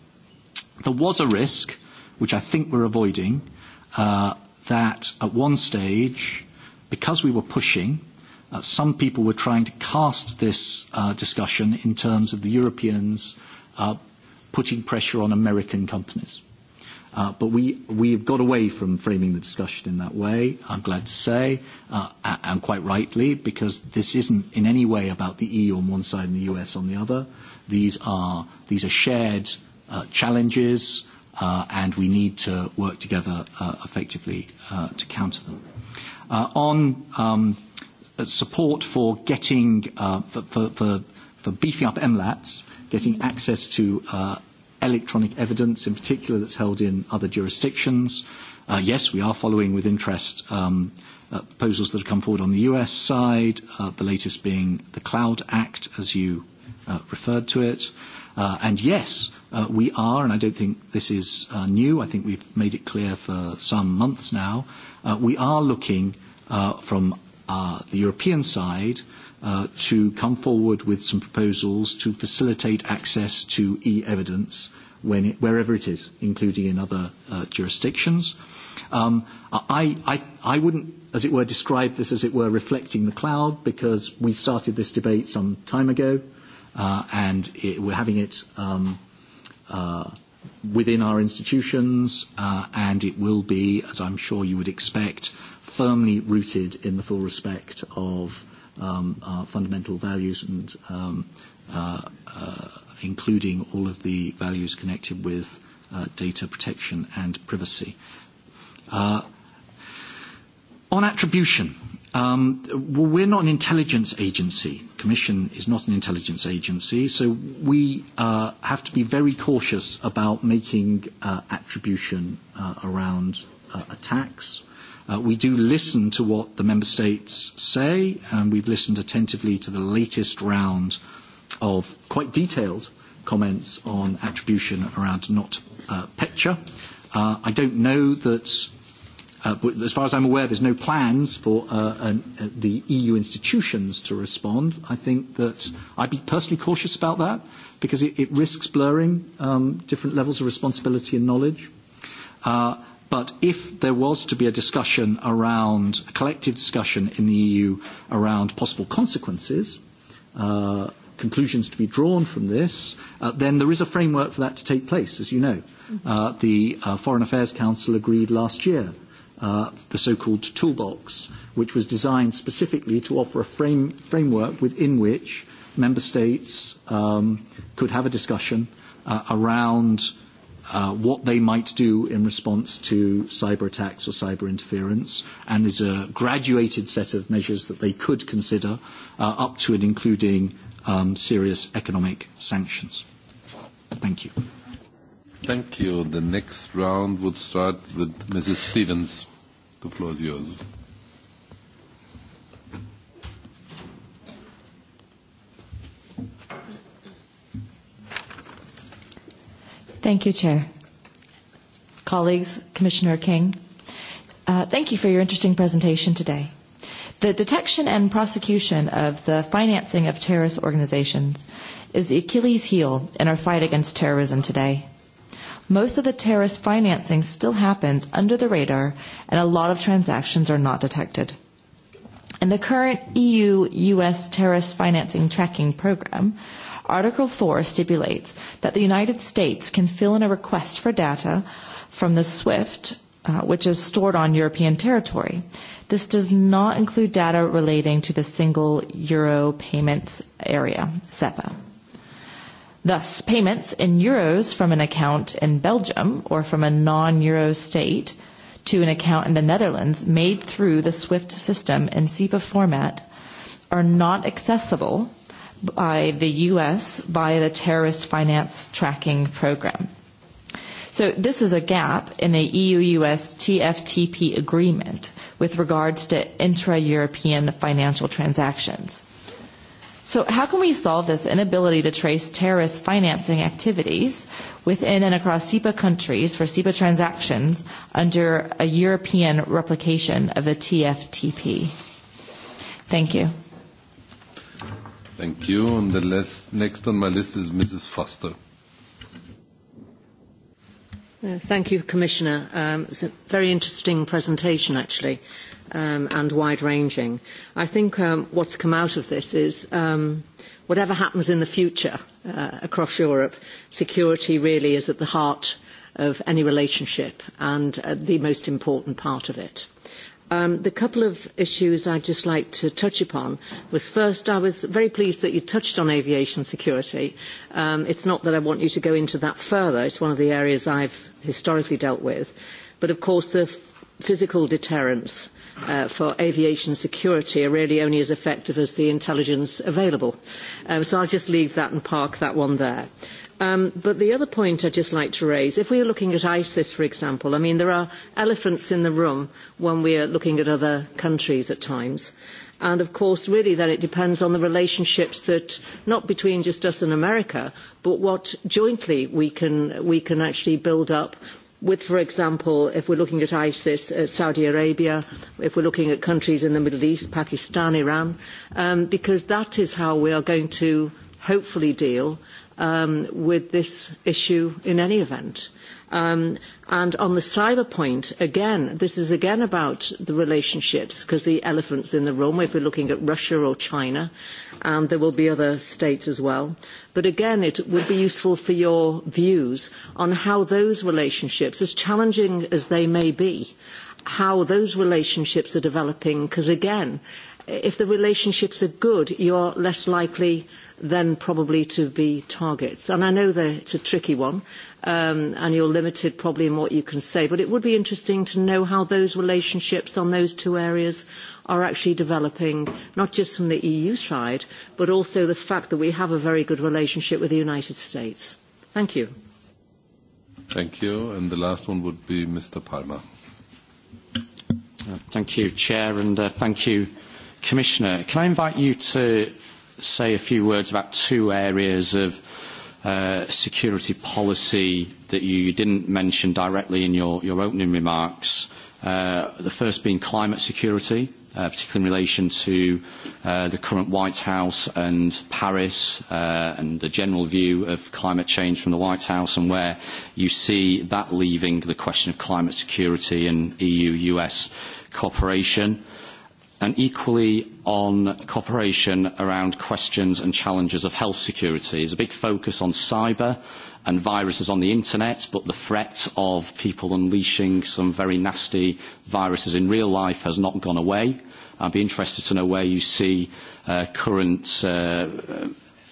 There was a risk, which I think we're avoiding, uh, that at one stage, because we were pushing, uh, some people were trying to cast this uh, discussion in terms of the Europeans uh, putting pressure on American companies Uh, but we, we've got away from framing the discussion in that way, I'm glad to say, uh, and quite rightly, because this isn't in any way about the EU on one side and the US on the other. These are, these are shared uh, challenges, uh, and we need to work together uh, effectively uh, to counter them. Uh, on um, support for getting, uh, for, for, for, for beefing up MLATs, getting access to uh, electronic evidence in particular that's held in other jurisdictions. Uh, yes, we are following with interest um, uh, proposals that have come forward on the US side, uh, the latest being the Cloud Act, as you uh, referred to it. Uh, and yes, uh, we are, and I don't think this is uh, new, I think we've made it clear for some months now, uh, we are looking uh, from uh, the European side to come forward with some proposals to facilitate access to e-evidence when it, wherever it is, including in other uh, jurisdictions. Um, I, I, I wouldn't, as it were, describe this as it were reflecting the cloud because we started this debate some time ago uh, and it, we're having it um, uh, within our institutions uh, and it will be, as I'm sure you would expect, firmly rooted in the full respect of um, our fundamental values and um, uh, uh, including all of the values connected with uh, data protection and privacy. Uh, on attribution, um, well we're not an intelligence agency. Commission is not an intelligence agency, so we uh, have to be very cautious about making uh, attribution uh, around uh, attacks we do listen to what the member states say, and we've listened attentively to the latest round of quite detailed comments on attribution around not uh, petcha. Uh, I don't know that, uh, but as far as I'm aware, there's no plans for uh, an, uh, the EU institutions to respond. I think that I'd be personally cautious about that because it, it risks blurring um, different levels of responsibility and knowledge. Uh, But if there was to be a discussion around, a collective discussion in the EU around possible consequences, uh, conclusions to be drawn from this, uh, then there is a framework for that to take place, as you know. Uh, the uh, Foreign Affairs Council agreed last year uh, the so-called toolbox, which was designed specifically to offer a frame, framework within which member states um, could have a discussion uh, around what they might do in response to cyber attacks or cyber interference, and is a graduated set of measures that they could consider, up to and including serious economic sanctions. Thank you. Thank you. The next round would start with Mrs. Stevens. The floor is yours. Thank you, Chair. Colleagues, Commissioner King, uh, thank you for your interesting presentation today. The detection and prosecution of the financing of terrorist organizations is the Achilles heel in our fight against terrorism today. Most of the terrorist financing still happens under the radar, and a lot of transactions are not detected. In the current EU US terrorist financing tracking program, Article 4 stipulates that the United States can fill in a request for data from the SWIFT, uh, which is stored on European territory. This does not include data relating to the single euro payments area, SEPA. Thus, payments in euros from an account in Belgium or from a non-euro state to an account in the Netherlands made through the SWIFT system in SEPA format are not accessible by the US via the terrorist finance tracking program. So this is a gap in the EU-US TFTP agreement with regards to intra-European financial transactions. So how can we solve this inability to trace terrorist financing activities within and across SEPA countries for SEPA transactions under a European replication of the TFTP? Thank you. Thank you. And the last, next on my list is Mrs. Foster. Thank you, Commissioner. it's a very interesting presentation, actually, and wide-ranging. I think what's come out of this is whatever happens in the future across Europe, security really is at the heart of any relationship and the most important part of it. Um, the couple of issues I'd just like to touch upon was first, I was very pleased that you touched on aviation security. Um, it's not that I want you to go into that further. It's one of the areas I've historically dealt with. But of course, the physical deterrents uh, for aviation security are really only as effective as the intelligence available. Um, so I'll just leave that and park that one there but the other point I'd just like to raise, if we are looking at ISIS, for example, I mean, there are elephants in the room when we are looking at other countries at times. And of course, really, then it depends on the relationships that, not between just us and America, but what jointly we can, we can actually build up with, for example, if we're looking at ISIS, uh, Saudi Arabia, if we're looking at countries in the Middle East, Pakistan, Iran, um, because that is how we are going to hopefully deal um, with this issue in any event. Um, and on the cyber point, again, this is again about the relationships, because the elephant's in the room if we're looking at Russia or China, and there will be other states as well. But again, it would be useful for your views on how those relationships, as challenging as they may be, how those relationships are developing, because again, if the relationships are good, you're less likely then probably to be targets. And I know that it's a tricky one, um, and you're limited probably in what you can say, but it would be interesting to know how those relationships on those two areas are actually developing, not just from the EU side, but also the fact that we have a very good relationship with the United States. Thank you. Thank you. And the last one would be Mr. Palmer. Thank you, Chair, and uh, thank you, Commissioner. Can I invite you to say a few words about two areas of security policy that you didn't mention directly in your, your opening remarks. the first being climate security, particularly in relation to the current White House and Paris and the general view of climate change from the White House and where you see that leaving the question of climate security and EU-US cooperation and equally on cooperation around questions and challenges of health security. There's a big focus on cyber and viruses on the internet, but the threat of people unleashing some very nasty viruses in real life has not gone away. I'd be interested to know where you see current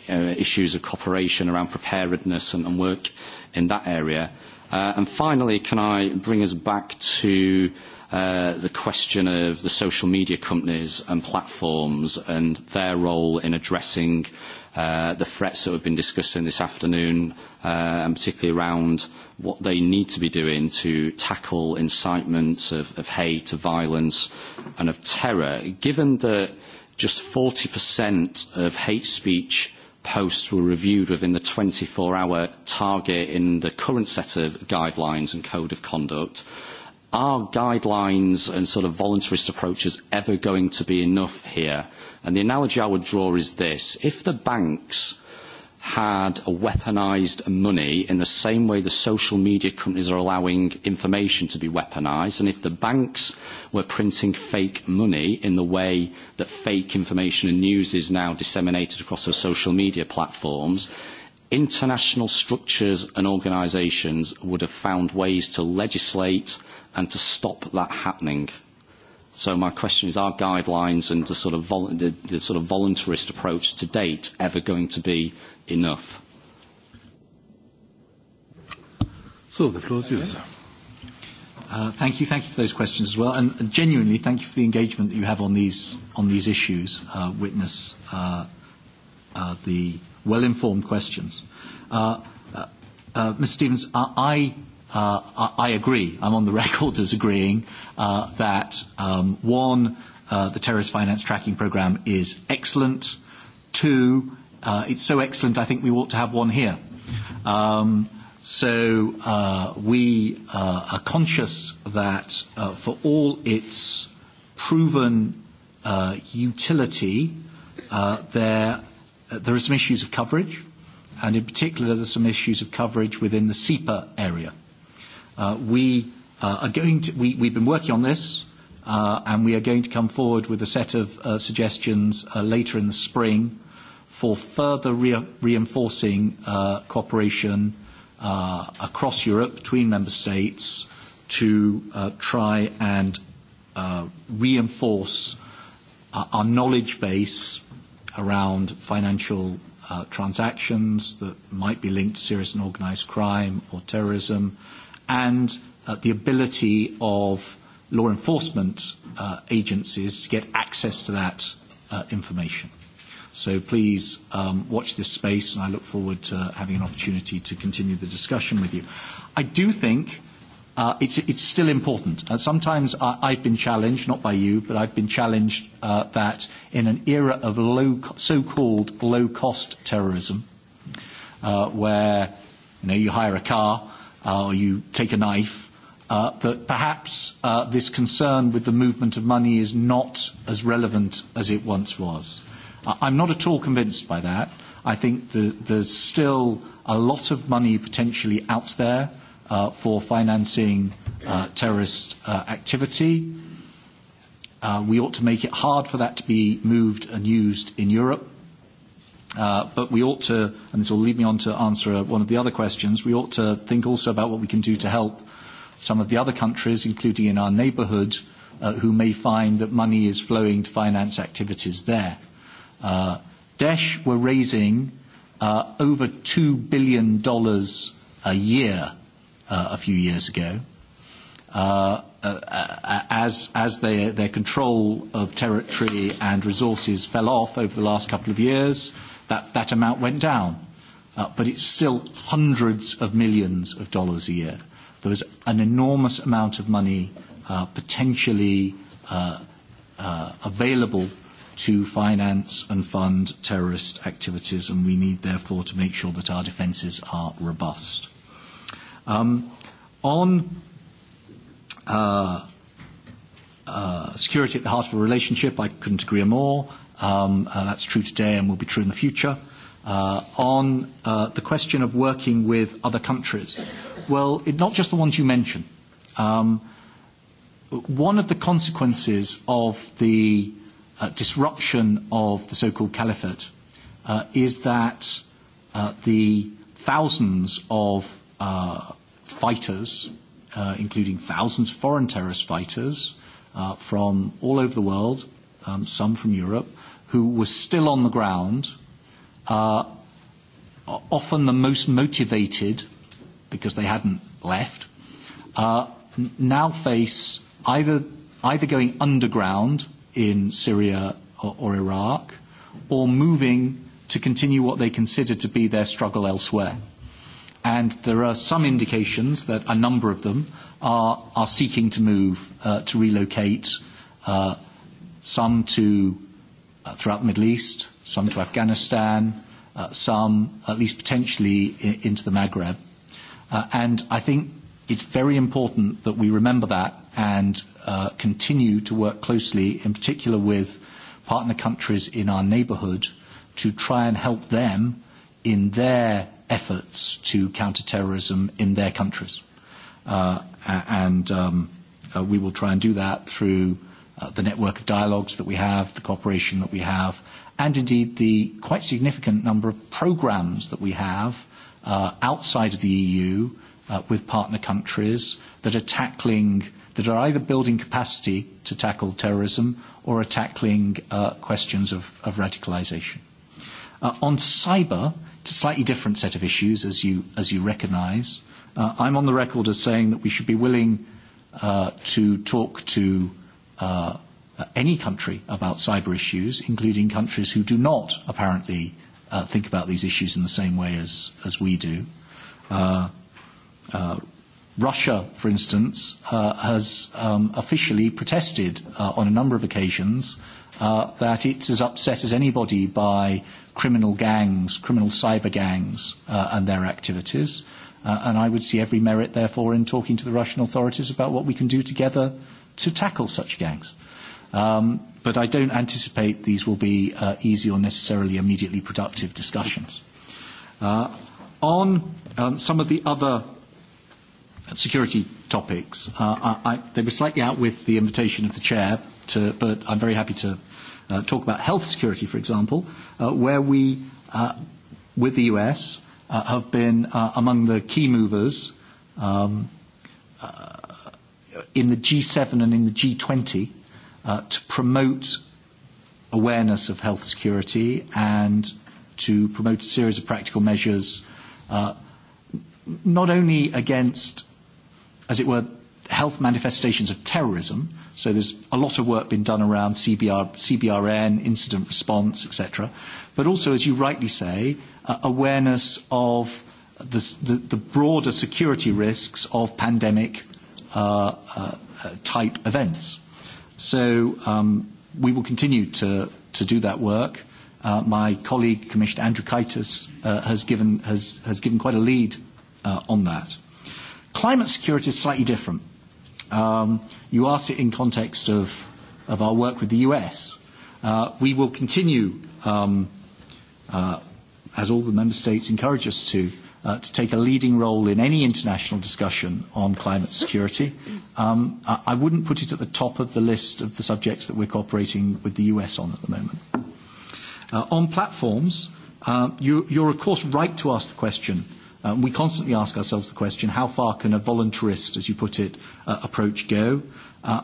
issues of cooperation around preparedness and, work in that area. and finally, can I bring us back to the question of the social media companies and platforms and their role in addressing the threats that we've been discussing this afternoon, and particularly around what they need to be doing to tackle incitement of hate, of violence, and of terror, given that just 40% of hate speech posts were reviewed within the 24-hour target in the current set of guidelines and code of conduct are guidelines and sort of voluntarist approaches ever going to be enough here? And the analogy I would draw is this. If the banks had weaponised money in the same way the social media companies are allowing information to be weaponised, and if the banks were printing fake money in the way that fake information and news is now disseminated across the social media platforms, international structures and organisations would have found ways to legislate – and to stop that happening. So my question is, are guidelines and the sort of, vol- the, the sort of voluntarist approach to date ever going to be enough? So the floor is yours. Uh, thank you, thank you for those questions as well, and genuinely thank you for the engagement that you have on these on these issues. Uh, witness uh, uh, the well-informed questions. Uh, uh, uh, Mr. Stevens, I uh, I, I agree. I'm on the record as agreeing uh, that um, one, uh, the terrorist finance tracking program is excellent. Two, uh, it's so excellent. I think we ought to have one here. Um, so uh, we uh, are conscious that uh, for all its proven uh, utility, uh, there there are some issues of coverage, and in particular, there's some issues of coverage within the SEPA area we are going to, we, we've been working on this, uh, and we are going to come forward with a set of uh, suggestions uh, later in the spring for further re- reinforcing uh, cooperation uh, across Europe between member states to uh, try and uh, reinforce uh, our knowledge base around financial uh, transactions that might be linked to serious and organised crime or terrorism, uh, and the ability of law enforcement agencies to get access to that information. So please um watch this space, and I look forward to having an opportunity to continue the discussion with you. I do think uh it's, it's still important. And sometimes I, I've been challenged, not by you, but I've been challenged uh that in an era of low, so-called low-cost terrorism, uh where you, know, you hire a car, or you take a knife, uh, that perhaps uh, this concern with the movement of money is not as relevant as it once was. Uh, I'm not at all convinced by that. I think the, there's still a lot of money potentially out there uh, for financing uh, terrorist uh, activity. Uh, we ought to make it hard for that to be moved and used in Europe But we ought to, and this will lead me on to answer one of the other questions, we ought to think also about what we can do to help some of the other countries, including in our neighbourhood, who may find that money is flowing to finance activities there. Daesh were raising over $2 billion a year a few years ago as as their control of territory and resources fell off over the last couple of years that, amount went down. but it's still hundreds of millions of dollars a year. There is an enormous amount of money potentially available to finance and fund terrorist activities, and we need, therefore, to make sure that our defences are robust. on security at the heart of a relationship, I couldn't agree more. Um, uh, that's true today and will be true in the future. Uh, on uh, the question of working with other countries, well, it, not just the ones you mentioned. Um, one of the consequences of the uh, disruption of the so-called caliphate uh, is that uh, the thousands of uh, fighters, uh, including thousands of foreign terrorist fighters uh, from all over the world, um, some from Europe, who was still on the ground, uh, often the most motivated because they hadn't left, uh, now face either, either going underground in Syria or, or Iraq or moving to continue what they consider to be their struggle elsewhere. And there are some indications that a number of them are, are seeking to move, uh, to relocate, uh, some to uh, throughout the Middle East, some to Afghanistan, uh, some at least potentially I- into the Maghreb. Uh, and I think it's very important that we remember that and uh, continue to work closely, in particular with partner countries in our neighbourhood, to try and help them in their efforts to counter terrorism in their countries. Uh, and um, uh, we will try and do that through the network of dialogues that we have, the cooperation that we have, and indeed the quite significant number of programmes that we have outside of the EU with partner countries that are tackling, that are either building capacity to tackle terrorism or are tackling questions of, of radicalisation. on cyber, it's a slightly different set of issues, as you, as you recognise. I'm on the record as saying that we should be willing to talk to uh, any country about cyber issues, including countries who do not apparently uh, think about these issues in the same way as, as we do. Uh, uh, Russia, for instance, uh, has um, officially protested uh, on a number of occasions uh, that it's as upset as anybody by criminal gangs, criminal cyber gangs, uh, and their activities. Uh, and I would see every merit, therefore, in talking to the Russian authorities about what we can do together to tackle such gangs. Um, but I don't anticipate these will be uh, easy or necessarily immediately productive discussions. Uh, on um, some of the other security topics, uh, I, I, they were slightly out with the invitation of the chair, to, but I'm very happy to uh, talk about health security, for example, uh, where we, uh, with the US, uh, have been uh, among the key movers um, uh, in the G7 and in the G20 uh, to promote awareness of health security and to promote a series of practical measures, uh, not only against, as it were, health manifestations of terrorism. So there's a lot of work being done around CBR, CBRN, incident response, etc. But also, as you rightly say, uh, awareness of the, the, the broader security risks of pandemic uh, uh, type events. So um, we will continue to, to do that work. Uh, my colleague, Commissioner Andrew Kaitis, uh, has, given, has, has given quite a lead uh, on that. Climate security is slightly different. Um, you asked it in context of, of our work with the US. Uh, we will continue, um, uh, as all the member states encourage us to, to take a leading role in any international discussion on climate security. Um, I, I wouldn't put it at the top of the list of the subjects that we're cooperating with the US on at the moment. Uh, on platforms, uh, you, you're of course right to ask the question. Uh, we constantly ask ourselves the question, how far can a voluntarist, as you put it, uh, approach go? Uh,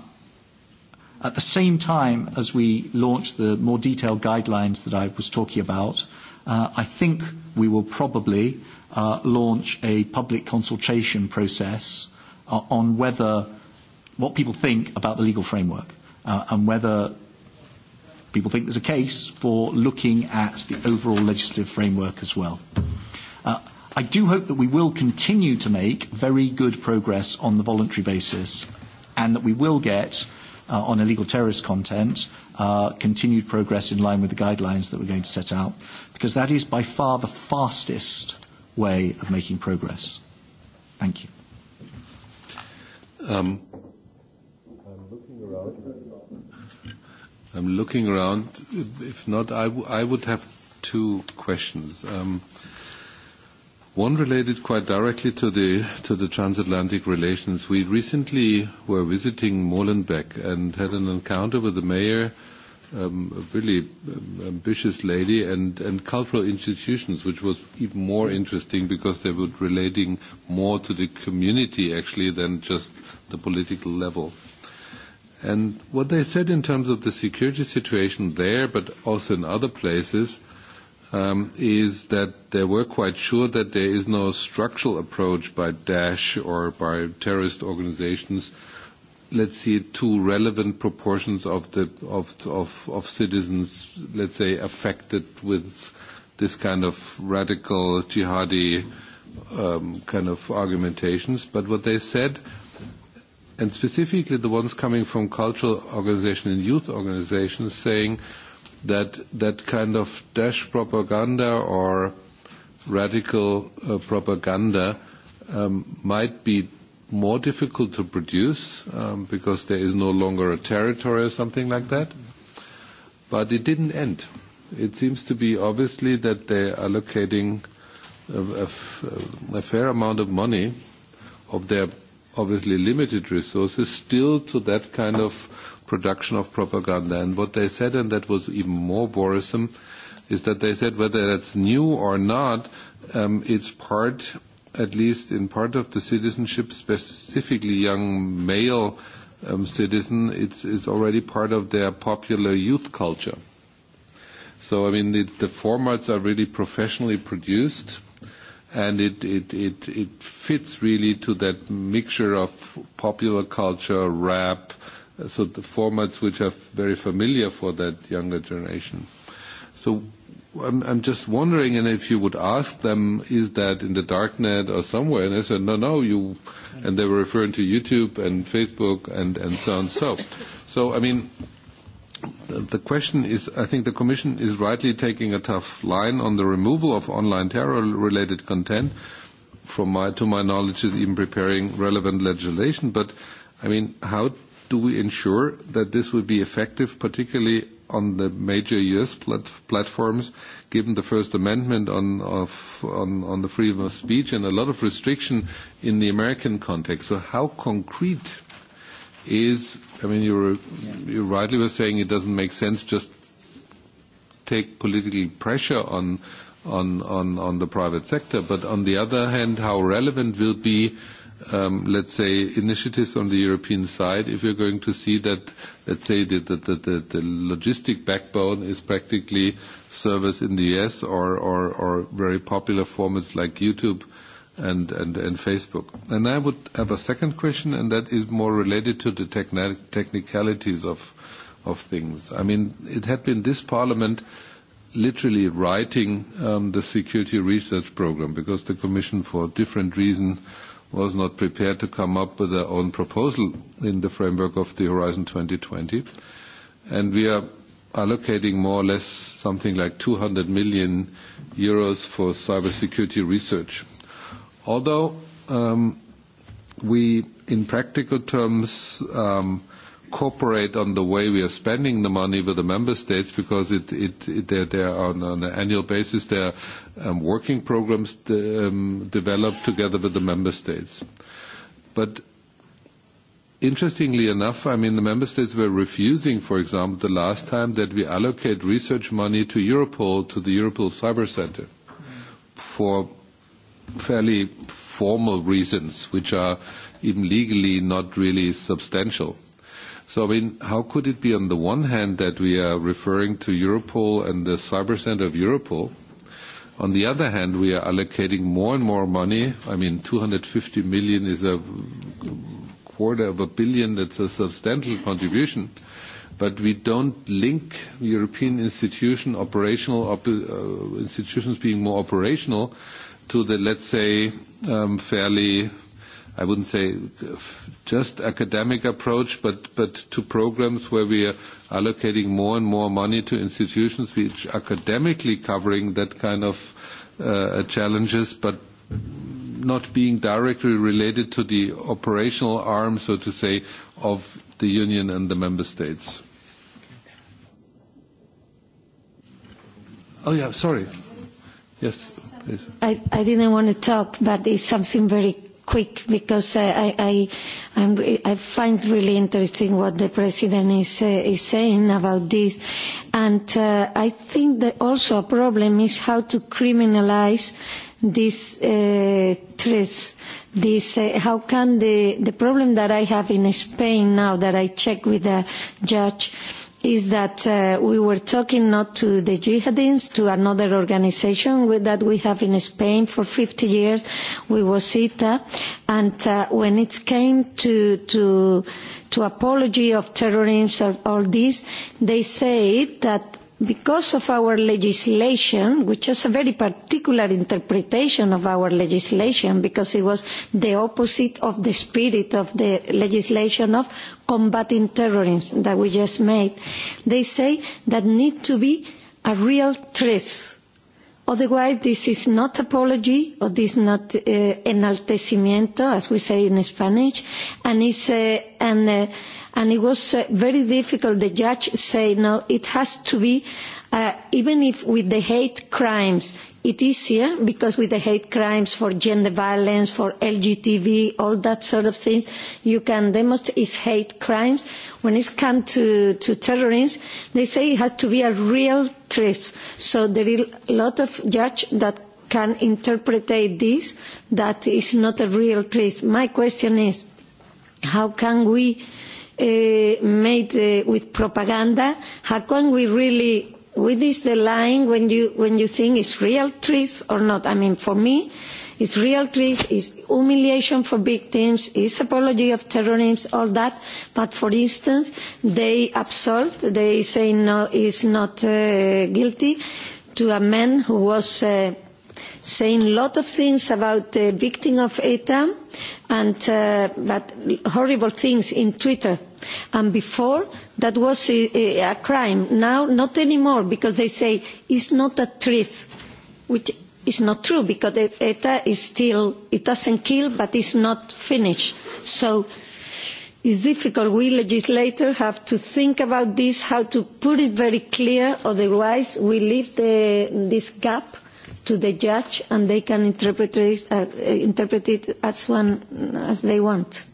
at the same time as we launch the more detailed guidelines that I was talking about, uh, I think we will probably launch a public consultation process on whether what people think about the legal framework and whether people think there's a case for looking at the overall legislative framework as well. I do hope that we will continue to make very good progress on the voluntary basis and that we will get, on illegal terrorist content, continued progress in line with the guidelines that we're going to set out, because that is by far the fastest way of making progress. Thank you. Um, I'm looking around. I'm looking around. If not, I, w- I would have two questions. Um, one related quite directly to the to the transatlantic relations. We recently were visiting Molenbeek and had an encounter with the mayor um, a really ambitious lady, and, and cultural institutions, which was even more interesting because they were relating more to the community actually than just the political level. And what they said in terms of the security situation there, but also in other places, um, is that they were quite sure that there is no structural approach by Daesh or by terrorist organizations uh, let's say, two relevant proportions of the of of of citizens, let's say, affected with this kind of radical jihadi um, kind of argumentations. But what they said, and specifically the ones coming from cultural organizations and youth organizations, saying that that kind of Daesh propaganda or radical uh, propaganda um, might be more difficult to produce um, because there is no longer a territory or something like that. But it didn't end. It seems to be obviously that they are allocating a, a, a fair amount of money of their obviously limited resources still to that kind of production of propaganda. And what they said, and that was even more worrisome, is that they said whether that's new or not, um, it's part at least in part of the citizenship, specifically young male um, citizen, it's, it's already part of their popular youth culture. So, I mean, the, the formats are really professionally produced and it, it, it, it fits really to that mixture of popular culture, rap, so the formats which are very familiar for that younger generation. So I'm, I'm just wondering, and if you would ask them, is that in the dark net or somewhere? And they said, no, no, you, and they were referring to YouTube and Facebook and, and so on. So, so I mean, the, the question is, I think the Commission is rightly taking a tough line on the removal of online terror-related content. From my, to my knowledge, is even preparing relevant legislation. But, I mean, how do we ensure that this would be effective, particularly on the major US plat- platforms, given the First Amendment on, of, on, on the freedom of speech and a lot of restriction in the American context. So how concrete is, I mean, you, were, you rightly were saying it doesn't make sense just take political pressure on, on, on, on the private sector, but on the other hand, how relevant will be uh, um, let's say, initiatives on the European side, if you're going to see that, let's say, the, the, the, the logistic backbone is practically service in the US or, or, or very popular formats like YouTube and, and, and Facebook. And I would have a second question, and that is more related to the technicalities of, of things. I mean, it had been this parliament literally writing um, the security research program because the commission, for different reasons, was not prepared to come up with their own proposal in the framework of the Horizon 2020. And we are allocating more or less something like 200 million euros for cybersecurity research. Although um, we, in practical terms, um, cooperate on the way we are spending the money with the member states because it, it, it they are on, on an annual basis there are working programs developed together with the member states. But interestingly enough, I mean, the member states were refusing, for example, the last time that we allocate research money to Europol, to the Europol Cyber Center, for fairly formal reasons, which are even legally not really substantial. So, I mean, how could it be on the one hand that we are referring to Europol and the Cyber Center of Europol, On the other hand, we are allocating more and more money. I mean, 250 million is a quarter of a billion. That's a substantial contribution. But we don't link European institution operational op institutions being more operational to the, let's say, um fairly, I wouldn't say just academic approach, but but to programs where we are allocating more and more money to institutions which academically covering that kind of uh, challenges, but not being directly related to the operational arm, so to say, of the Union and the Member States. Oh, yeah, sorry. Yes, please. I, I didn't want to talk, but it's something very quick because I, I, I'm re- I find really interesting what the president is, uh, is saying about this. And uh, I think that also a problem is how to criminalize this uh, truth. This, uh, how can the, the problem that I have in Spain now that I check with a judge, is that uh, we were talking not to the jihadists, to another organization with, that we have in Spain for 50 years. We was CETA, And uh, when it came to, to, to apology of terrorism or all this, they say that because of our legislation, which is a very particular interpretation of our legislation, because it was the opposite of the spirit of the legislation of combating terrorism that we just made, they say that need to be a real threat. Otherwise, this is not apology, or this is not uh, enaltecimiento, as we say in Spanish, and it's uh, an... Uh, and it was very difficult. The judge said, no, it has to be, even if with the hate crimes, it is easier because with the hate crimes for gender violence, for LGTB, all that sort of things, you can demonstrate it's hate crimes. When it comes to, to terrorism, they say it has to be a real threat. So there is a lot of judges that can interpret this, that is not a real threat. My question is, how can we made with propaganda? How can we really, what is the line when you, when you think it's real trees or not? I mean, for me, it's real trees, it's humiliation for victims, it's apology of terrorism, all that. But for instance, they absolved, they say no, he's not uh, guilty to a man who was uh, saying a lot of things about the victim of ETA, and, uh, but horrible things in Twitter. And before, that was a, a crime. Now, not anymore, because they say it's not a truth, which is not true, because ETA is still, it doesn't kill, but it's not finished. So it's difficult. We legislators have to think about this, how to put it very clear, otherwise we leave the, this gap to the judge and they can interpret it, uh, interpret it as, one, as they want.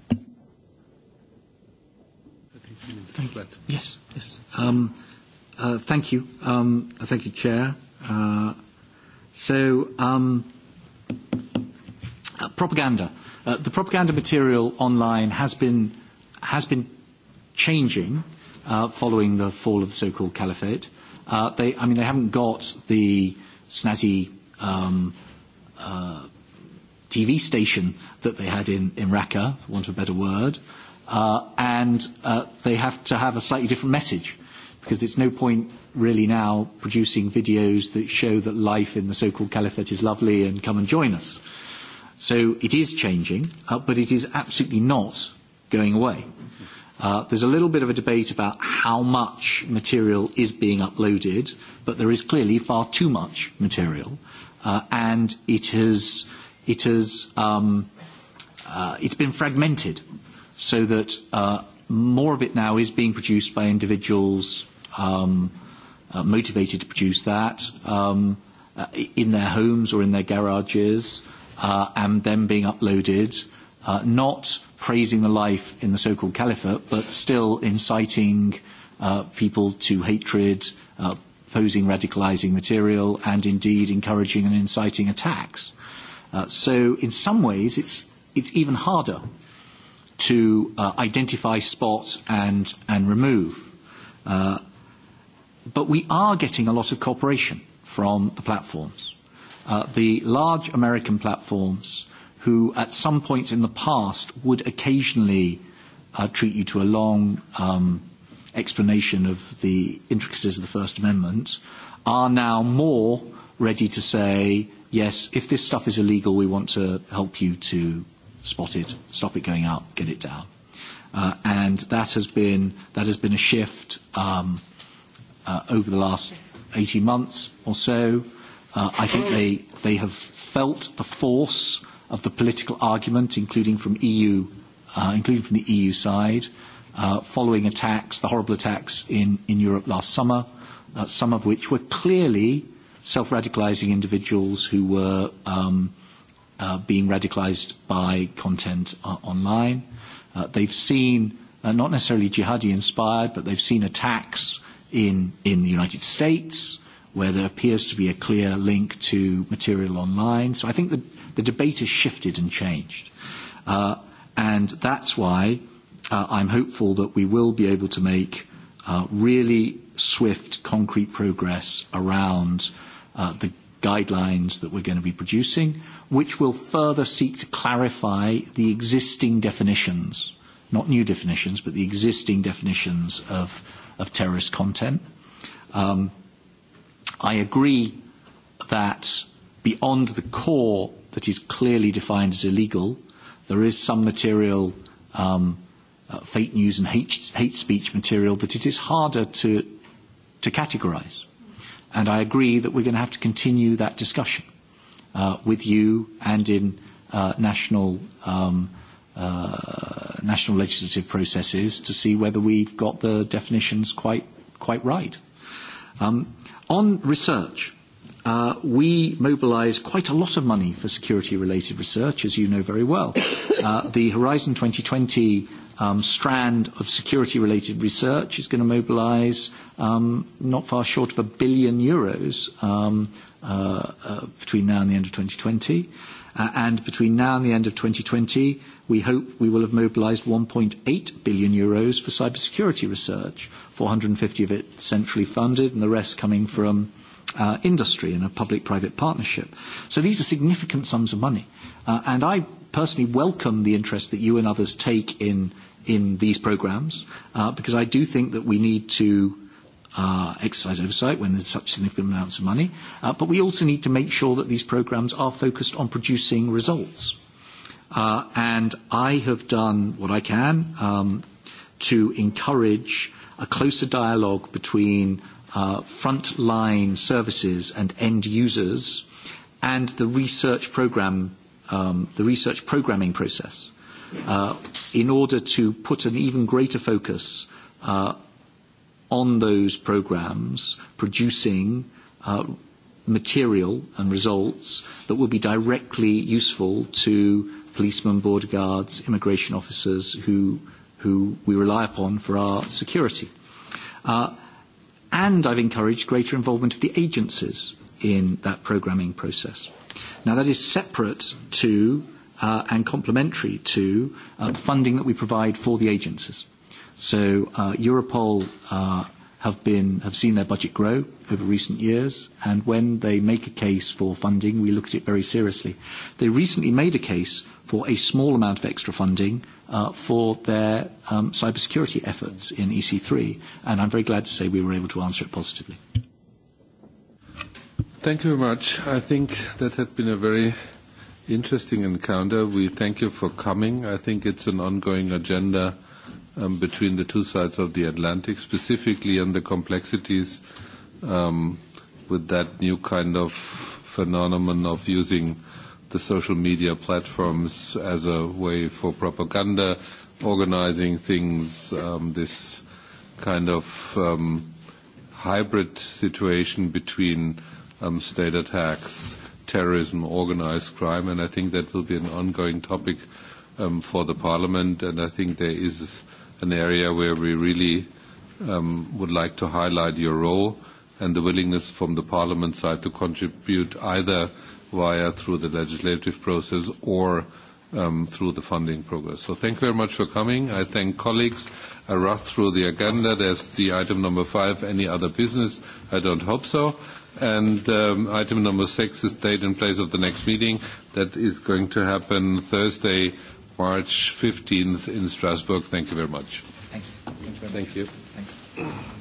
Thank you. Yes, yes. Um, uh, thank you. Um, thank you, Chair. Uh, so, um, uh, propaganda. Uh, the propaganda material online has been, has been changing uh, following the fall of the so-called caliphate. Uh, they, I mean, they haven't got the snazzy um, uh, TV station that they had in, in Raqqa, for want of a better word, uh, and uh, they have to have a slightly different message because there's no point really now producing videos that show that life in the so-called caliphate is lovely and come and join us. So it is changing, uh, but it is absolutely not going away. Uh, there's a little bit of a debate about how much material is being uploaded, but there is clearly far too much material uh, and it has it has um, uh, it's been fragmented so that uh, more of it now is being produced by individuals um, uh, motivated to produce that um, uh, in their homes or in their garages uh, and then being uploaded, uh, not praising the life in the so-called caliphate, but still inciting uh, people to hatred, uh, posing radicalising material and indeed encouraging and inciting attacks. so in some ways, it's, it's even harder to identify, spot and, and remove. but we are getting a lot of cooperation from the platforms. the large American platforms who at some point in the past would occasionally treat you to a long um, explanation of the intricacies of the First Amendment, are now more ready to say, yes, if this stuff is illegal, we want to help you to spot it, stop it going out, get it down. Uh, and that has been that has been a shift um, uh, over the last 18 months or so. Uh, I think they they have felt the force of the political argument, including from EU, uh, including from the EU side. Uh, uh, following attacks, the horrible attacks in, in Europe last summer, uh, some of which were clearly self-radicalizing individuals who were um, uh, being radicalized by content uh, online. Uh, they've seen, uh, not necessarily jihadi inspired, but they've seen attacks in, in the United States where there appears to be a clear link to material online. So I think the, the debate has shifted and changed. Uh, and that's why I'm hopeful that we will be able to make really swift, concrete progress around the guidelines that we're going to be producing, which will further seek to clarify the existing definitions, not new definitions, but the existing definitions of, terrorist content. I agree that beyond the core that is clearly defined as illegal, there is some material fake news and hate, hate speech material that it is harder to, to categorise. And I agree that we're going to have to continue that discussion uh, with you and in uh, national, um, uh, national legislative processes to see whether we've got the definitions quite, quite right. Um, on research, uh, we mobilise quite a lot of money for security-related research, as you know very well. Uh, the Horizon 2020 strand of security-related research is going to mobilise not far short of a billion euros between now and the end of 2020. And between now and the end of 2020, we hope we will have mobilised 1.8 billion euros for cybersecurity research, 450 of it centrally funded, and the rest coming from industry in a public-private partnership. So these are significant sums of money. And I personally welcome the interest that you and others take in in these programs, uh, because I do think that we need to uh, exercise oversight when there's such significant amounts of money, uh, but we also need to make sure that these programs are focused on producing results. Uh, and I have done what I can um, to encourage a closer dialogue between uh, frontline services and end users and the research program, um, the research programming process in order to put an even greater focus on those programs producing material and results that will be directly useful to policemen, border guards, immigration officers who, who we rely upon for our security. Uh, and I've encouraged greater involvement of the agencies in that programming process. Now that is separate to uh, and complementary to uh, funding that we provide for the agencies. So uh, Europol uh, have been have seen their budget grow over recent years, and when they make a case for funding, we look at it very seriously. They recently made a case for a small amount of extra funding uh, for their um, cybersecurity efforts in EC3, and I'm very glad to say we were able to answer it positively. Thank you very much. I think that had been a very interesting encounter. We thank you for coming. I think it's an ongoing agenda um, between the two sides of the Atlantic, specifically on the complexities um, with that new kind of phenomenon of using the social media platforms as a way for propaganda, organizing things, um, this kind of um, hybrid situation between um, state attacks terrorism, organized crime, and I think that will be an ongoing topic um, for the Parliament, and I think there is an area where we really um, would like to highlight your role and the willingness from the Parliament side to contribute either via through the legislative process or um, through the funding progress. So thank you very much for coming. I thank colleagues. I rushed through the agenda. There's the item number five, any other business. I don't hope so. And um, item number six is date and place of the next meeting. That is going to happen Thursday, March 15th in Strasbourg. Thank you very much. Thank you. Thank you. Very much. Thank you. Thanks.